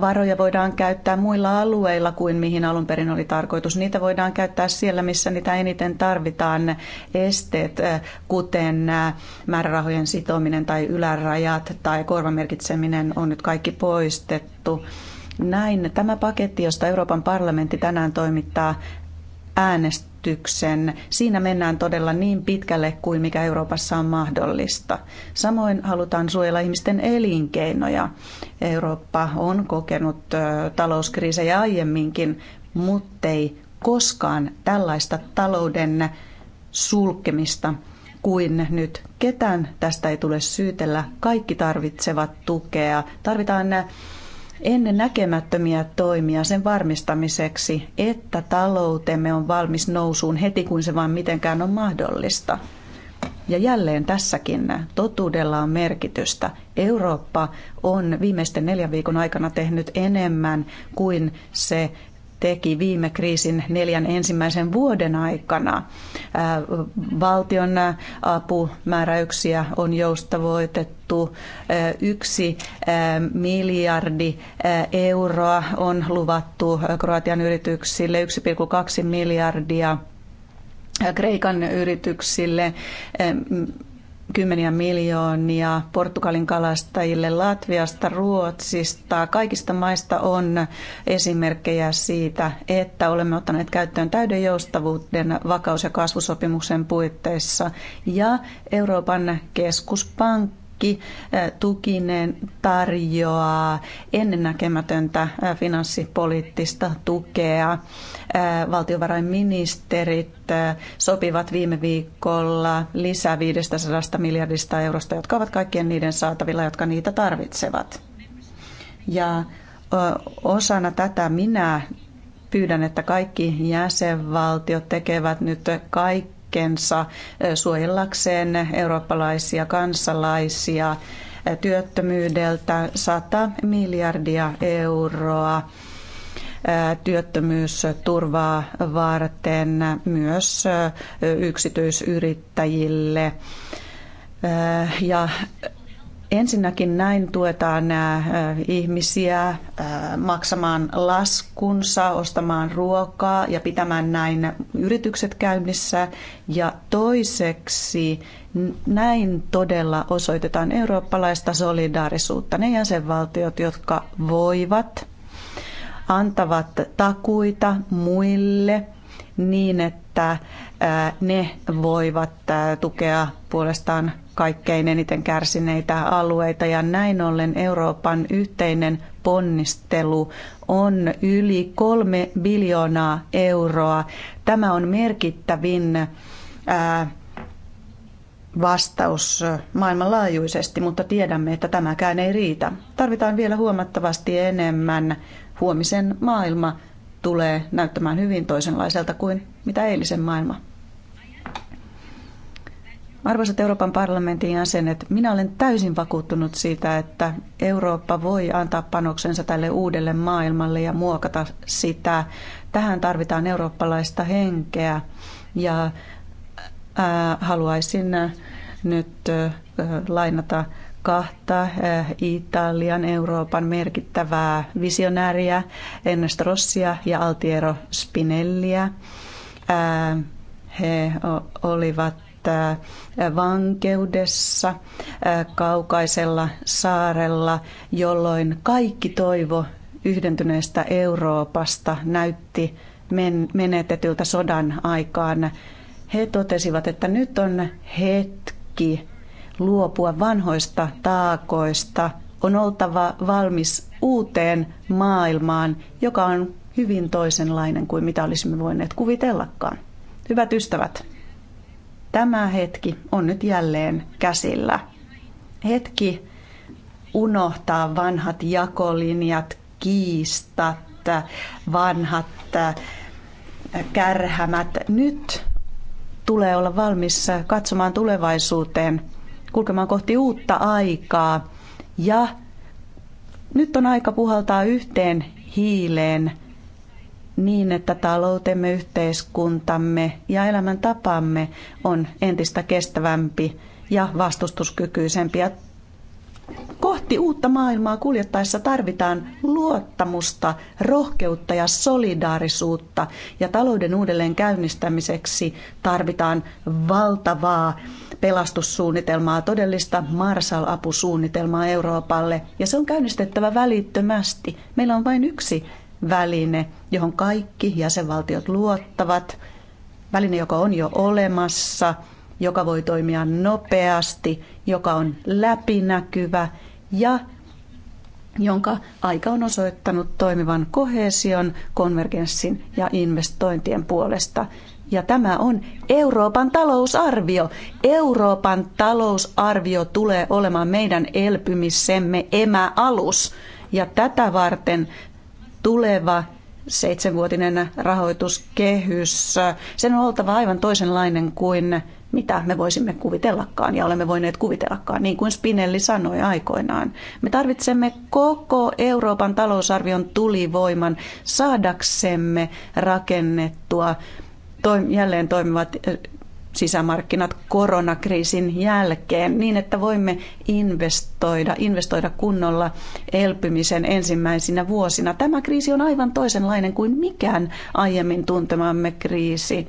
varoja voidaan käyttää muilla alueilla kuin mihin alun perin oli tarkoitus. Niitä voidaan käyttää siellä, missä niitä eniten tarvitaan. Esteet, kuten määrärahojen sitominen tai ylärajat tai korvamerkitseminen on nyt kaikki poistettu. Näin. Tämä paketti, josta Euroopan parlamentti tänään toimittaa äänestyksen. Siinä mennään todella niin pitkälle kuin mikä Euroopassa on mahdollista. Samoin halutaan suojella ihmisten elinkeinoja. Eurooppa on kokenut talouskriisejä aiemminkin, muttei koskaan tällaista talouden sulkemista kuin nyt. Ketään tästä ei tule syytellä. Kaikki tarvitsevat tukea. Tarvitaan ennen näkemättömiä toimia sen varmistamiseksi, että taloutemme on valmis nousuun heti kun se vain mitenkään on mahdollista. Ja jälleen tässäkin totuudella on merkitystä. Eurooppa on viimeisten neljän viikon aikana tehnyt enemmän kuin se teki viime kriisin neljän ensimmäisen vuoden aikana. Äh, valtion äh, apumääräyksiä on joustavoitettu. Äh, yksi miljardi euroa on luvattu Kroatian yrityksille, 1,2 miljardia Kreikan yrityksille kymmeniä miljoonia Portugalin kalastajille Latviasta, Ruotsista. Kaikista maista on esimerkkejä siitä, että olemme ottaneet käyttöön täyden joustavuuden vakaus- ja kasvusopimuksen puitteissa. Ja Euroopan keskuspankki kaikki tukineen tarjoaa ennennäkemätöntä finanssipoliittista tukea. Valtiovarainministerit sopivat viime viikolla lisää 500 miljardista eurosta, jotka ovat kaikkien niiden saatavilla, jotka niitä tarvitsevat. Ja osana tätä minä pyydän, että kaikki jäsenvaltiot tekevät nyt kaikki kaikkensa suojellakseen eurooppalaisia kansalaisia työttömyydeltä 100 miljardia euroa työttömyysturvaa varten myös yksityisyrittäjille. Ja Ensinnäkin näin tuetaan ihmisiä maksamaan laskunsa, ostamaan ruokaa ja pitämään näin yritykset käynnissä. Ja toiseksi näin todella osoitetaan eurooppalaista solidaarisuutta. Ne jäsenvaltiot, jotka voivat, antavat takuita muille niin, että ne voivat tukea puolestaan kaikkein eniten kärsineitä alueita ja näin ollen Euroopan yhteinen ponnistelu on yli kolme biljoonaa euroa. Tämä on merkittävin ää, vastaus maailmanlaajuisesti, mutta tiedämme, että tämäkään ei riitä. Tarvitaan vielä huomattavasti enemmän. Huomisen maailma tulee näyttämään hyvin toisenlaiselta kuin mitä eilisen maailma. Arvoisat Euroopan parlamentin jäsenet, minä olen täysin vakuuttunut siitä, että Eurooppa voi antaa panoksensa tälle uudelle maailmalle ja muokata sitä. Tähän tarvitaan eurooppalaista henkeä ja ää, äh, haluaisin nyt ää, äh, lainata kahta äh, Italian Euroopan merkittävää visionääriä, Ernest Rossia ja Altiero Spinelliä. He olivat vankeudessa kaukaisella saarella, jolloin kaikki toivo yhdentyneestä Euroopasta näytti menetetyltä sodan aikaan. He totesivat, että nyt on hetki luopua vanhoista taakoista. On oltava valmis uuteen maailmaan, joka on hyvin toisenlainen kuin mitä olisimme voineet kuvitellakaan. Hyvät ystävät, Tämä hetki on nyt jälleen käsillä. Hetki unohtaa vanhat jakolinjat, kiistat, vanhat kärhämät. Nyt tulee olla valmis katsomaan tulevaisuuteen, kulkemaan kohti uutta aikaa. Ja nyt on aika puhaltaa yhteen hiileen – niin, että taloutemme, yhteiskuntamme ja elämäntapamme on entistä kestävämpi ja vastustuskykyisempi. Ja kohti uutta maailmaa kuljettaessa tarvitaan luottamusta, rohkeutta ja solidaarisuutta. Ja talouden uudelleen käynnistämiseksi tarvitaan valtavaa pelastussuunnitelmaa, todellista Marshall-apusuunnitelmaa Euroopalle. Ja se on käynnistettävä välittömästi. Meillä on vain yksi väline, johon kaikki jäsenvaltiot luottavat. Väline, joka on jo olemassa, joka voi toimia nopeasti, joka on läpinäkyvä ja jonka aika on osoittanut toimivan kohesion, konvergenssin ja investointien puolesta. Ja tämä on Euroopan talousarvio. Euroopan talousarvio tulee olemaan meidän elpymisemme emäalus. Ja tätä varten tuleva seitsemänvuotinen rahoituskehys, sen on oltava aivan toisenlainen kuin mitä me voisimme kuvitellakaan ja olemme voineet kuvitellakaan, niin kuin Spinelli sanoi aikoinaan. Me tarvitsemme koko Euroopan talousarvion tulivoiman saadaksemme rakennettua jälleen toimivat sisämarkkinat koronakriisin jälkeen niin, että voimme investoida, investoida kunnolla elpymisen ensimmäisinä vuosina. Tämä kriisi on aivan toisenlainen kuin mikään aiemmin tuntemamme kriisi.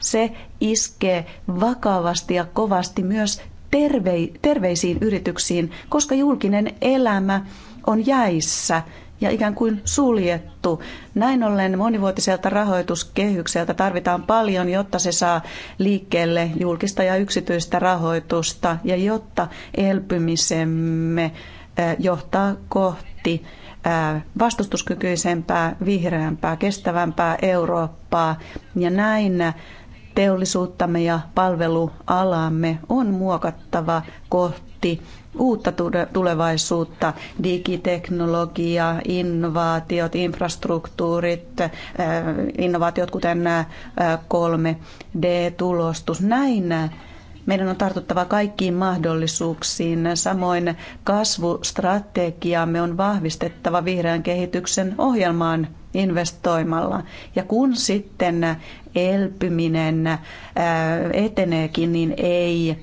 Se iskee vakavasti ja kovasti myös terve, terveisiin yrityksiin, koska julkinen elämä on jäissä ja ikään kuin suljettu. Näin ollen monivuotiselta rahoituskehykseltä tarvitaan paljon, jotta se saa liikkeelle julkista ja yksityistä rahoitusta ja jotta elpymisemme johtaa kohti vastustuskykyisempää, vihreämpää, kestävämpää Eurooppaa. Ja näin teollisuuttamme ja palvelualaamme on muokattava kohti uutta tulevaisuutta, digiteknologia, innovaatiot, infrastruktuurit, äh, innovaatiot kuten 3D-tulostus. Äh, Näin äh, meidän on tartuttava kaikkiin mahdollisuuksiin. Samoin kasvustrategiaamme on vahvistettava vihreän kehityksen ohjelmaan investoimalla. Ja kun sitten elpyminen äh, eteneekin, niin ei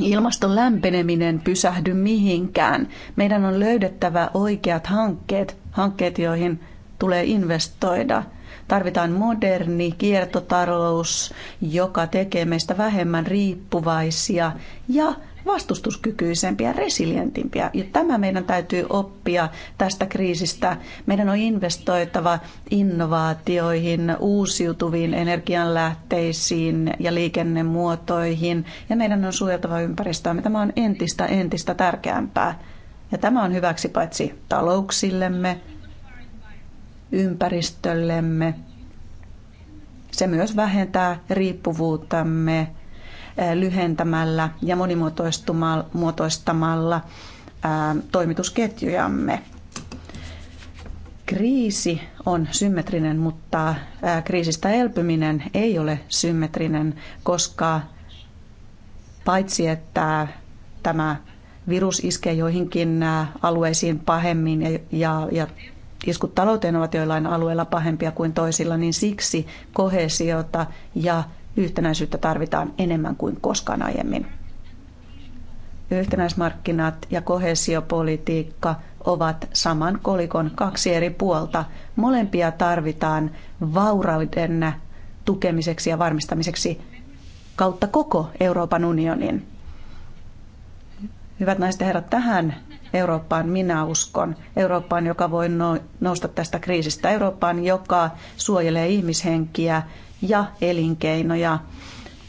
Ilmaston lämpeneminen pysähdy mihinkään. Meidän on löydettävä oikeat hankkeet, hankkeet joihin tulee investoida. Tarvitaan moderni kiertotalous, joka tekee meistä vähemmän riippuvaisia ja vastustuskykyisempiä ja resilientimpiä. Ja tämä meidän täytyy oppia tästä kriisistä. Meidän on investoitava innovaatioihin, uusiutuviin energianlähteisiin ja liikennemuotoihin. Ja meidän on suojeltava ympäristöä. Tämä on entistä entistä tärkeämpää. Ja tämä on hyväksi paitsi talouksillemme, ympäristöllemme, se myös vähentää riippuvuuttamme lyhentämällä ja monimuotoistamalla toimitusketjujamme. Kriisi on symmetrinen, mutta kriisistä elpyminen ei ole symmetrinen, koska paitsi että tämä virus iskee joihinkin alueisiin pahemmin ja, ja, ja iskut talouteen ovat joillain alueilla pahempia kuin toisilla, niin siksi kohesiota ja Yhtenäisyyttä tarvitaan enemmän kuin koskaan aiemmin. Yhtenäismarkkinat ja kohesiopolitiikka ovat saman kolikon kaksi eri puolta. Molempia tarvitaan vaurauden tukemiseksi ja varmistamiseksi kautta koko Euroopan unionin. Hyvät naiset ja herrat, tähän Eurooppaan minä uskon. Eurooppaan, joka voi no-, nousta tästä kriisistä. Eurooppaan, joka suojelee ihmishenkiä ja elinkeinoja.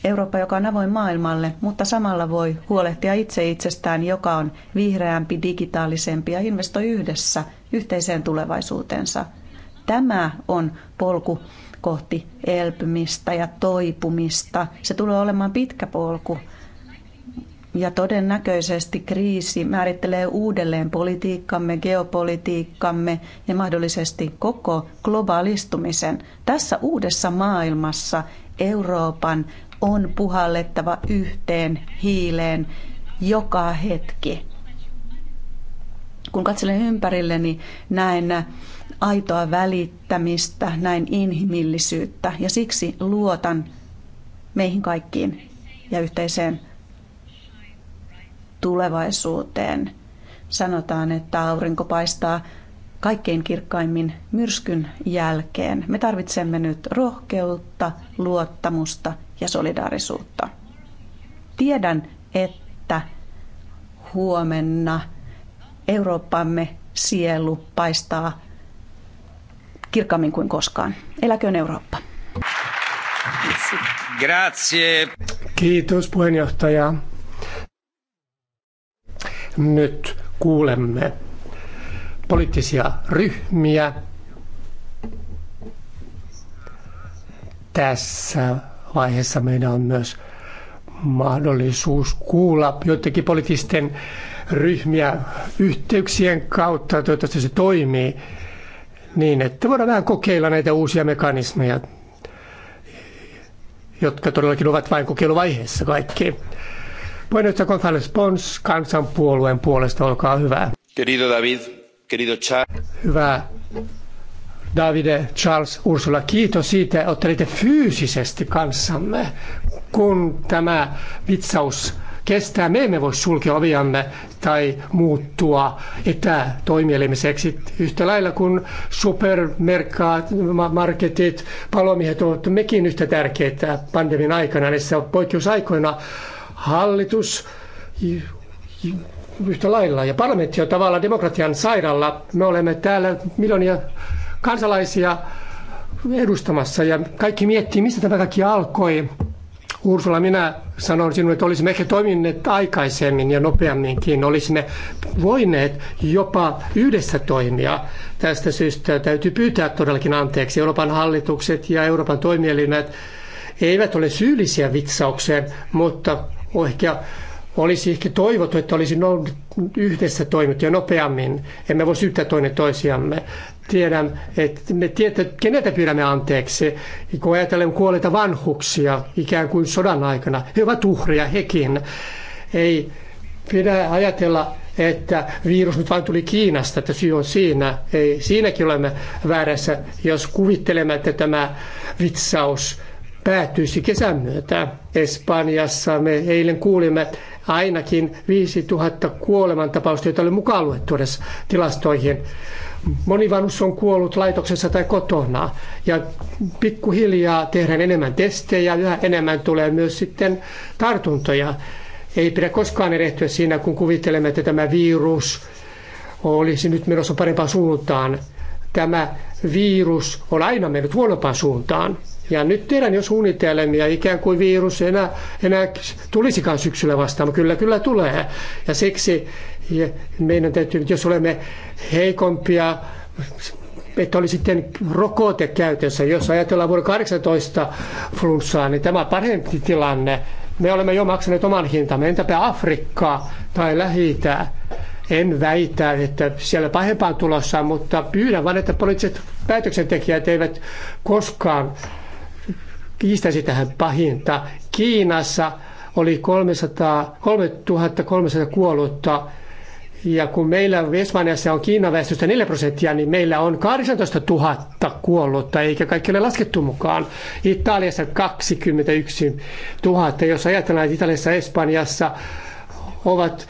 Eurooppa, joka on avoin maailmalle, mutta samalla voi huolehtia itse itsestään, joka on vihreämpi, digitaalisempi ja investoi yhdessä yhteiseen tulevaisuutensa. Tämä on polku kohti elpymistä ja toipumista. Se tulee olemaan pitkä polku, ja todennäköisesti kriisi määrittelee uudelleen politiikkamme, geopolitiikkamme ja mahdollisesti koko globaalistumisen. Tässä uudessa maailmassa Euroopan on puhallettava yhteen hiileen joka hetki. Kun katselen ympärilleni, niin näen aitoa välittämistä, näin inhimillisyyttä ja siksi luotan meihin kaikkiin ja yhteiseen tulevaisuuteen. Sanotaan, että aurinko paistaa kaikkein kirkkaimmin myrskyn jälkeen. Me tarvitsemme nyt rohkeutta, luottamusta ja solidaarisuutta. Tiedän, että huomenna Eurooppamme sielu paistaa kirkkaammin kuin koskaan. Eläköön Eurooppa. Grazie. Kiitos puheenjohtaja nyt kuulemme poliittisia ryhmiä. Tässä vaiheessa meillä on myös mahdollisuus kuulla joidenkin poliittisten ryhmiä yhteyksien kautta. Toivottavasti se toimii niin, että voidaan vähän kokeilla näitä uusia mekanismeja, jotka todellakin ovat vain kokeiluvaiheessa kaikki. Puheenjohtaja González Pons kansanpuolueen puolesta, olkaa hyvä. Querido David, querido Charles. Hyvä Davide, Charles, Ursula, kiitos siitä, että olette fyysisesti kanssamme. Kun tämä vitsaus kestää, me emme voi sulkea oviamme tai muuttua etätoimielimiseksi. Yhtä lailla kuin supermarketit, palomiehet ovat mekin yhtä tärkeitä pandemian aikana. Niissä poikkeusaikoina hallitus yhtä lailla. Ja parlamentti on tavallaan demokratian sairaalla. Me olemme täällä miljoonia kansalaisia edustamassa ja kaikki miettii, mistä tämä kaikki alkoi. Ursula, minä sanon sinulle, että olisimme ehkä toimineet aikaisemmin ja nopeamminkin. Olisimme voineet jopa yhdessä toimia. Tästä syystä täytyy pyytää todellakin anteeksi. Euroopan hallitukset ja Euroopan toimielimet eivät ole syyllisiä vitsaukseen, mutta Oh, ehkä olisi ehkä toivottu, että olisi yhdessä toimittu ja nopeammin. Emme voi syyttää toinen toisiamme. Tiedän, että me tiedämme, keneltä pyydämme anteeksi, kun ajatellaan kuolleita vanhuksia ikään kuin sodan aikana. He ovat uhreja hekin. Ei pidä ajatella, että virus nyt vain tuli Kiinasta, että syy on siinä. Ei, siinäkin olemme väärässä, jos kuvittelemme, että tämä vitsaus päättyisi kesän myötä. Espanjassa me eilen kuulimme ainakin 5000 kuolemantapausta, joita oli mukaan luettu edes tilastoihin. Moni vanhus on kuollut laitoksessa tai kotona ja pikkuhiljaa tehdään enemmän testejä, yhä enemmän tulee myös sitten tartuntoja. Ei pidä koskaan erehtyä siinä, kun kuvittelemme, että tämä virus olisi nyt menossa parempaan suuntaan. Tämä virus on aina mennyt huonompaan suuntaan. Ja nyt tiedän jo suunnitelmia, ikään kuin virus enää, enää tulisikaan syksyllä vastaan. Kyllä, kyllä tulee. Ja siksi meidän täytyy, jos olemme heikompia, että oli sitten rokote käytössä. Jos ajatellaan vuoden 18 flunssaa, niin tämä parempi tilanne. Me olemme jo maksaneet oman hintamme. Entäpä Afrikkaa tai lähi -Itää? En väitä, että siellä pahempaan tulossa, mutta pyydän vain, että poliittiset päätöksentekijät eivät koskaan kiistäisi tähän pahinta. Kiinassa oli 300, 3300 kuollutta ja kun meillä Espanjassa on Kiinan väestöstä 4 prosenttia, niin meillä on 18 000 kuollutta, eikä kaikki ole laskettu mukaan. Italiassa 21 000. Jos ajatellaan, että Italiassa ja Espanjassa ovat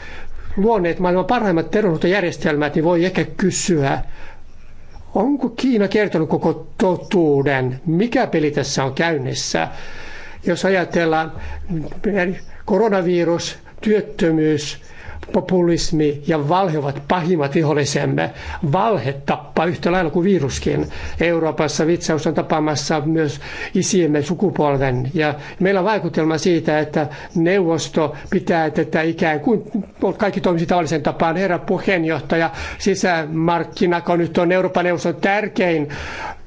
luoneet maailman parhaimmat terveydenhuoltojärjestelmät, niin voi ehkä kysyä, Onko Kiina kertonut koko totuuden? Mikä peli tässä on käynnissä? Jos ajatellaan koronavirus, työttömyys, populismi ja valhe ovat pahimmat vihollisemme. Valhe tappaa yhtä lailla kuin viruskin. Euroopassa vitsaus on tapaamassa myös isiemme sukupolven. Ja meillä on vaikutelma siitä, että neuvosto pitää tätä ikään kuin kaikki toimisi tavallisen tapaan. Herra puheenjohtaja, sisämarkkinako nyt on Euroopan neuvoston tärkein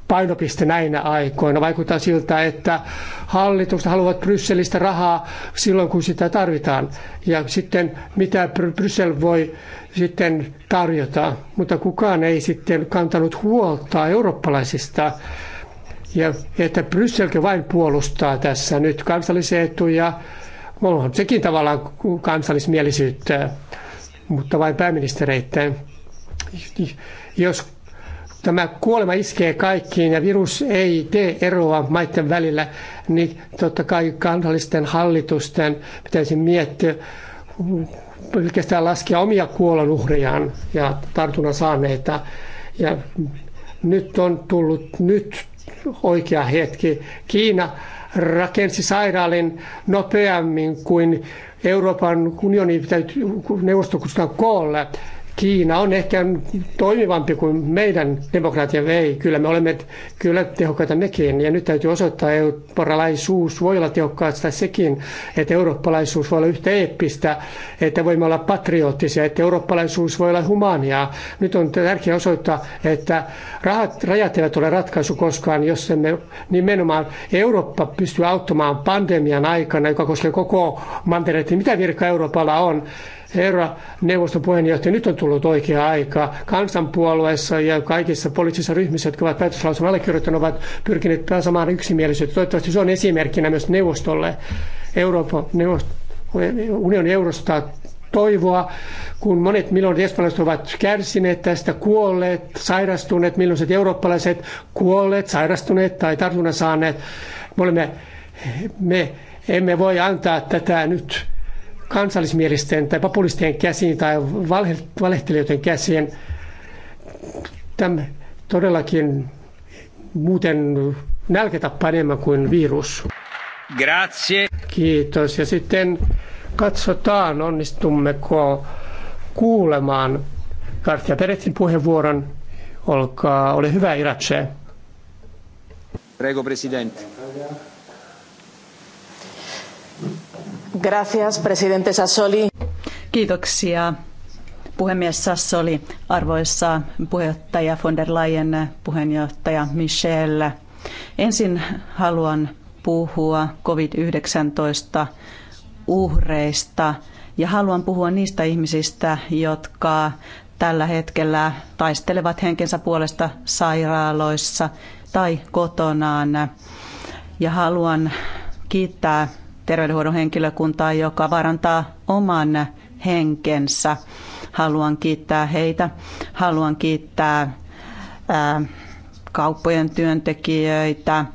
painopiste näinä aikoina. Vaikuttaa siltä, että hallitukset haluavat Brysselistä rahaa silloin, kun sitä tarvitaan. Ja sitten mitä Bryssel voi sitten tarjota. Mutta kukaan ei sitten kantanut huolta eurooppalaisista. Ja että Brysselkin vain puolustaa tässä nyt kansallisia etuja. Onhan sekin tavallaan kansallismielisyyttä, mutta vain pääministereiden. Jos tämä kuolema iskee kaikkiin ja virus ei tee eroa maiden välillä, niin totta kai kansallisten hallitusten pitäisi miettiä pelkästään laskea omia kuolonuhrejaan ja tartunnan saaneita. Ja nyt on tullut nyt oikea hetki. Kiina rakensi sairaalin nopeammin kuin Euroopan unionin täytyy neuvostokunnan koolle Kiina on ehkä toimivampi kuin meidän demokratian ei. Kyllä me olemme kyllä tehokkaita mekin. Ja nyt täytyy osoittaa, että eurooppalaisuus voi olla tehokkaasta sekin, että eurooppalaisuus voi olla yhtä eeppistä, että voimme olla patriottisia, että eurooppalaisuus voi olla humania. Nyt on tärkeää osoittaa, että rahat, rajat eivät ole ratkaisu koskaan, jos emme nimenomaan Eurooppa pystyy auttamaan pandemian aikana, joka koskee koko mantereita. Mitä virka Euroopalla on? Herra neuvoston puheenjohtaja, nyt on tullut oikea aika. Kansanpuolueessa ja kaikissa poliittisissa ryhmissä, jotka ovat päätöslausun allekirjoittaneet, ovat pyrkineet pääsemään yksimielisyyttä. Toivottavasti se on esimerkkinä myös neuvostolle. Euroopan neuvost- unionin eurosta toivoa, kun monet miljoonat espanjalaiset ovat kärsineet tästä, kuolleet, sairastuneet, miljoonat eurooppalaiset kuolleet, sairastuneet tai tartunnan saaneet. Me, olemme, me emme voi antaa tätä nyt kansallismielisten tai populistien käsiin tai valehtelijoiden käsiin. Tämä todellakin muuten nälkä tappaa enemmän kuin virus. Grazie. Kiitos. Ja sitten katsotaan, onnistummeko kuulemaan Kartia Peretin puheenvuoron. Olkaa, ole hyvä Iratse. Prego, presidente. Gracias, presidente Sassoli. Kiitoksia, puhemies Sassoli, arvoissa puheenjohtaja von der Leyen, puheenjohtaja Michel. Ensin haluan puhua COVID-19 uhreista ja haluan puhua niistä ihmisistä, jotka tällä hetkellä taistelevat henkensä puolesta sairaaloissa tai kotonaan. Ja haluan kiittää terveydenhuollon henkilökuntaa, joka varantaa oman henkensä. Haluan kiittää heitä. Haluan kiittää ää, kauppojen työntekijöitä,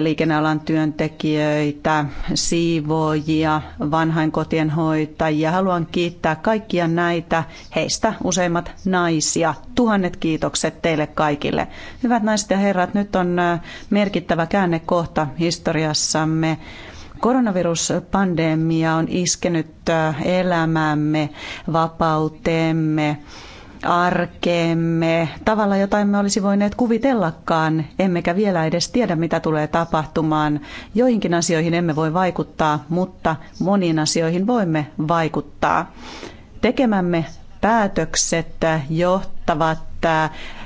liikennealan työntekijöitä, siivoojia, vanhainkotien hoitajia. Haluan kiittää kaikkia näitä, heistä useimmat naisia. Tuhannet kiitokset teille kaikille. Hyvät naiset ja herrat, nyt on merkittävä käännekohta historiassamme. Koronaviruspandemia on iskenyt elämämme, vapauteemme, arkeemme tavalla, jota emme olisi voineet kuvitellakaan, emmekä vielä edes tiedä, mitä tulee tapahtumaan. Joihinkin asioihin emme voi vaikuttaa, mutta moniin asioihin voimme vaikuttaa. Tekemämme päätökset johtavat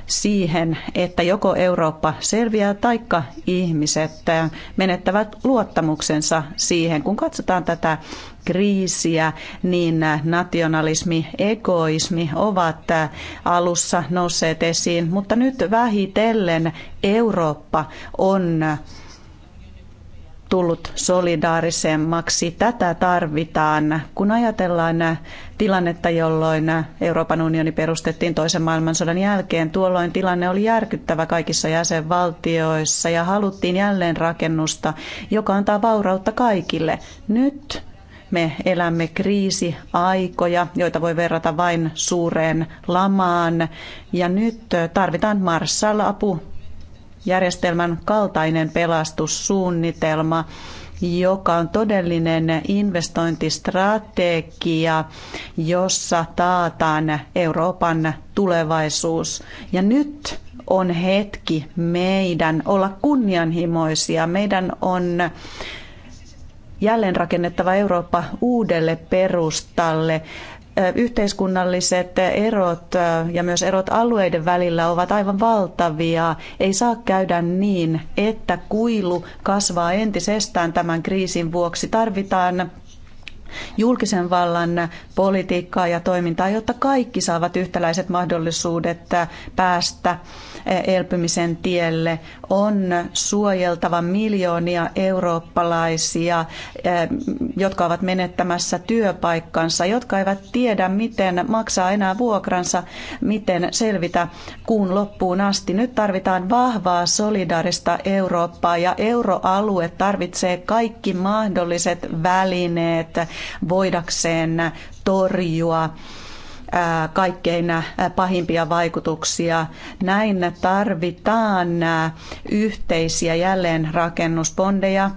siihen, että joko Eurooppa selviää taikka ihmiset äh, menettävät luottamuksensa siihen. Kun katsotaan tätä kriisiä, niin äh, nationalismi, egoismi ovat äh, alussa nousseet esiin, mutta nyt vähitellen Eurooppa on tullut solidaarisemmaksi. Tätä tarvitaan, kun ajatellaan tilannetta, jolloin Euroopan unioni perustettiin toisen maailmansodan jälkeen. Tuolloin tilanne oli järkyttävä kaikissa jäsenvaltioissa ja haluttiin jälleen rakennusta, joka antaa vaurautta kaikille. Nyt me elämme kriisiaikoja, joita voi verrata vain suureen lamaan. Ja nyt tarvitaan Marshall-apu järjestelmän kaltainen pelastussuunnitelma, joka on todellinen investointistrategia, jossa taataan Euroopan tulevaisuus. Ja nyt on hetki meidän olla kunnianhimoisia. Meidän on jälleenrakennettava Eurooppa uudelle perustalle yhteiskunnalliset erot ja myös erot alueiden välillä ovat aivan valtavia. Ei saa käydä niin, että kuilu kasvaa entisestään tämän kriisin vuoksi. Tarvitaan julkisen vallan politiikkaa ja toimintaa, jotta kaikki saavat yhtäläiset mahdollisuudet päästä elpymisen tielle. On suojeltava miljoonia eurooppalaisia, jotka ovat menettämässä työpaikkansa, jotka eivät tiedä, miten maksaa enää vuokransa, miten selvitä kuun loppuun asti. Nyt tarvitaan vahvaa solidaarista Eurooppaa ja euroalue tarvitsee kaikki mahdolliset välineet voidakseen torjua kaikkein pahimpia vaikutuksia. Näin tarvitaan yhteisiä jälleenrakennusbondeja,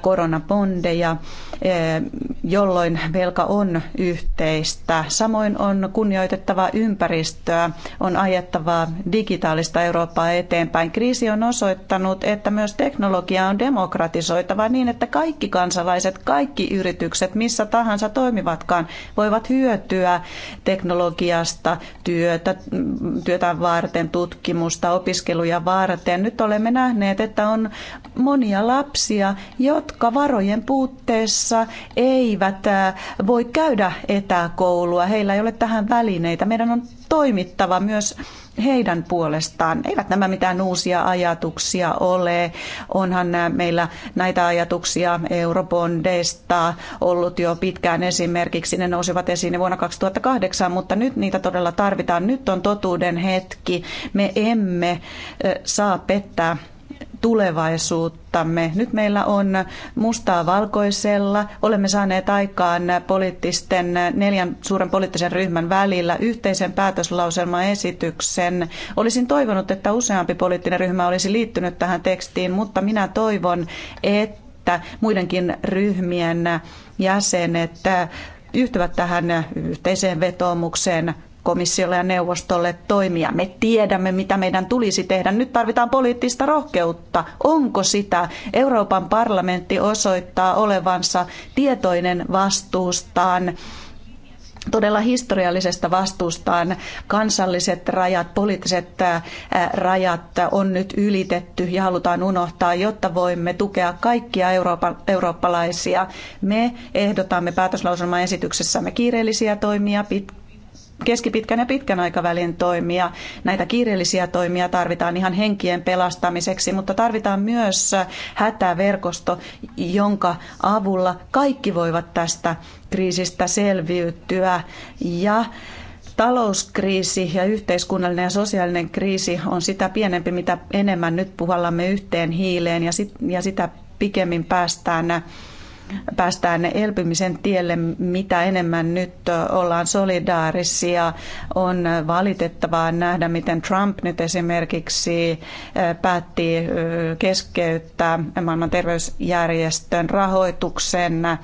koronabondeja Eh, jolloin velka on yhteistä. Samoin on kunnioitettava ympäristöä, on ajettava digitaalista Eurooppaa eteenpäin. Kriisi on osoittanut, että myös teknologia on demokratisoitava niin, että kaikki kansalaiset, kaikki yritykset, missä tahansa toimivatkaan, voivat hyötyä teknologiasta, työtä, työtä varten, tutkimusta, opiskeluja varten. Nyt olemme nähneet, että on monia lapsia, jotka varojen puutteessa kanssa eivät äh, voi käydä etäkoulua. Heillä ei ole tähän välineitä. Meidän on toimittava myös heidän puolestaan. Eivät nämä mitään uusia ajatuksia ole. Onhan äh, meillä näitä ajatuksia eurobondeista ollut jo pitkään esimerkiksi. Ne nousivat esiin vuonna 2008, mutta nyt niitä todella tarvitaan. Nyt on totuuden hetki. Me emme äh, saa pettää tulevaisuuttamme. Nyt meillä on mustaa valkoisella. Olemme saaneet aikaan poliittisten, neljän suuren poliittisen ryhmän välillä yhteisen päätöslauselmaesityksen. Olisin toivonut, että useampi poliittinen ryhmä olisi liittynyt tähän tekstiin, mutta minä toivon, että muidenkin ryhmien jäsenet yhtyvät tähän yhteiseen vetoomukseen komissiolle ja neuvostolle toimia. Me tiedämme, mitä meidän tulisi tehdä. Nyt tarvitaan poliittista rohkeutta. Onko sitä? Euroopan parlamentti osoittaa olevansa tietoinen vastuustaan todella historiallisesta vastuustaan kansalliset rajat, poliittiset äh, rajat on nyt ylitetty ja halutaan unohtaa, jotta voimme tukea kaikkia Euroopan, eurooppalaisia. Me ehdotamme päätöslauselman esityksessämme kiireellisiä toimia, pit, keskipitkän ja pitkän aikavälin toimia. Näitä kiireellisiä toimia tarvitaan ihan henkien pelastamiseksi, mutta tarvitaan myös hätäverkosto, jonka avulla kaikki voivat tästä kriisistä selviytyä. Ja talouskriisi ja yhteiskunnallinen ja sosiaalinen kriisi on sitä pienempi, mitä enemmän nyt puhallamme yhteen hiileen ja, ja sitä pikemmin päästään päästään elpymisen tielle, mitä enemmän nyt ollaan solidaarisia. On valitettavaa nähdä, miten Trump nyt esimerkiksi eh, päätti eh, keskeyttää maailman terveysjärjestön rahoituksen eh,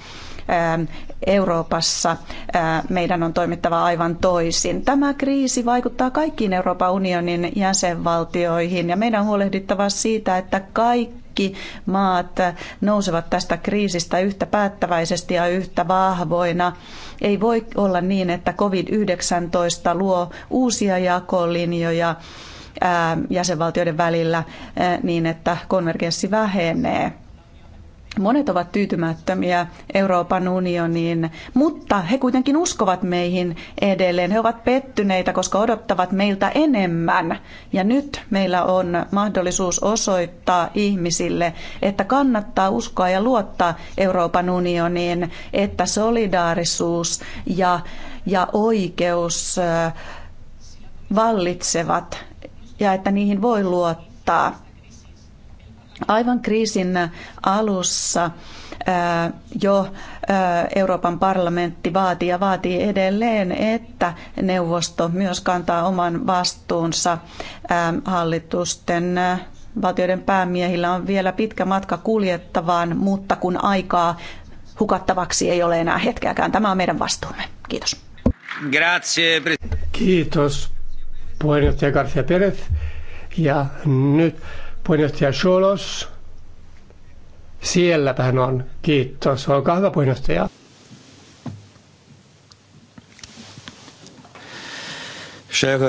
Euroopassa meidän on toimittava aivan toisin. Tämä kriisi vaikuttaa kaikkiin Euroopan unionin jäsenvaltioihin ja meidän on huolehdittava siitä, että kaikki kaikki maat nousevat tästä kriisistä yhtä päättäväisesti ja yhtä vahvoina. Ei voi olla niin, että COVID-19 luo uusia jakolinjoja jäsenvaltioiden välillä niin, että konvergenssi vähenee. Monet ovat tyytymättömiä Euroopan unioniin, mutta he kuitenkin uskovat meihin edelleen. He ovat pettyneitä, koska odottavat meiltä enemmän. Ja nyt meillä on mahdollisuus osoittaa ihmisille, että kannattaa uskoa ja luottaa Euroopan unioniin, että solidaarisuus ja, ja oikeus äh, vallitsevat ja että niihin voi luottaa Aivan kriisin alussa äh, jo äh, Euroopan parlamentti vaati ja vaatii edelleen, että neuvosto myös kantaa oman vastuunsa ähm, hallitusten äh, valtioiden päämiehillä on vielä pitkä matka kuljettavaan, mutta kun aikaa hukattavaksi ei ole enää hetkeäkään. Tämä on meidän vastuumme. Kiitos. Grazie. Kiitos puheenjohtaja Garcia Perez. Ja nyt puheenjohtaja Solos. Siellä hän on. Kiitos. Olkaa hyvä puheenjohtaja. Cher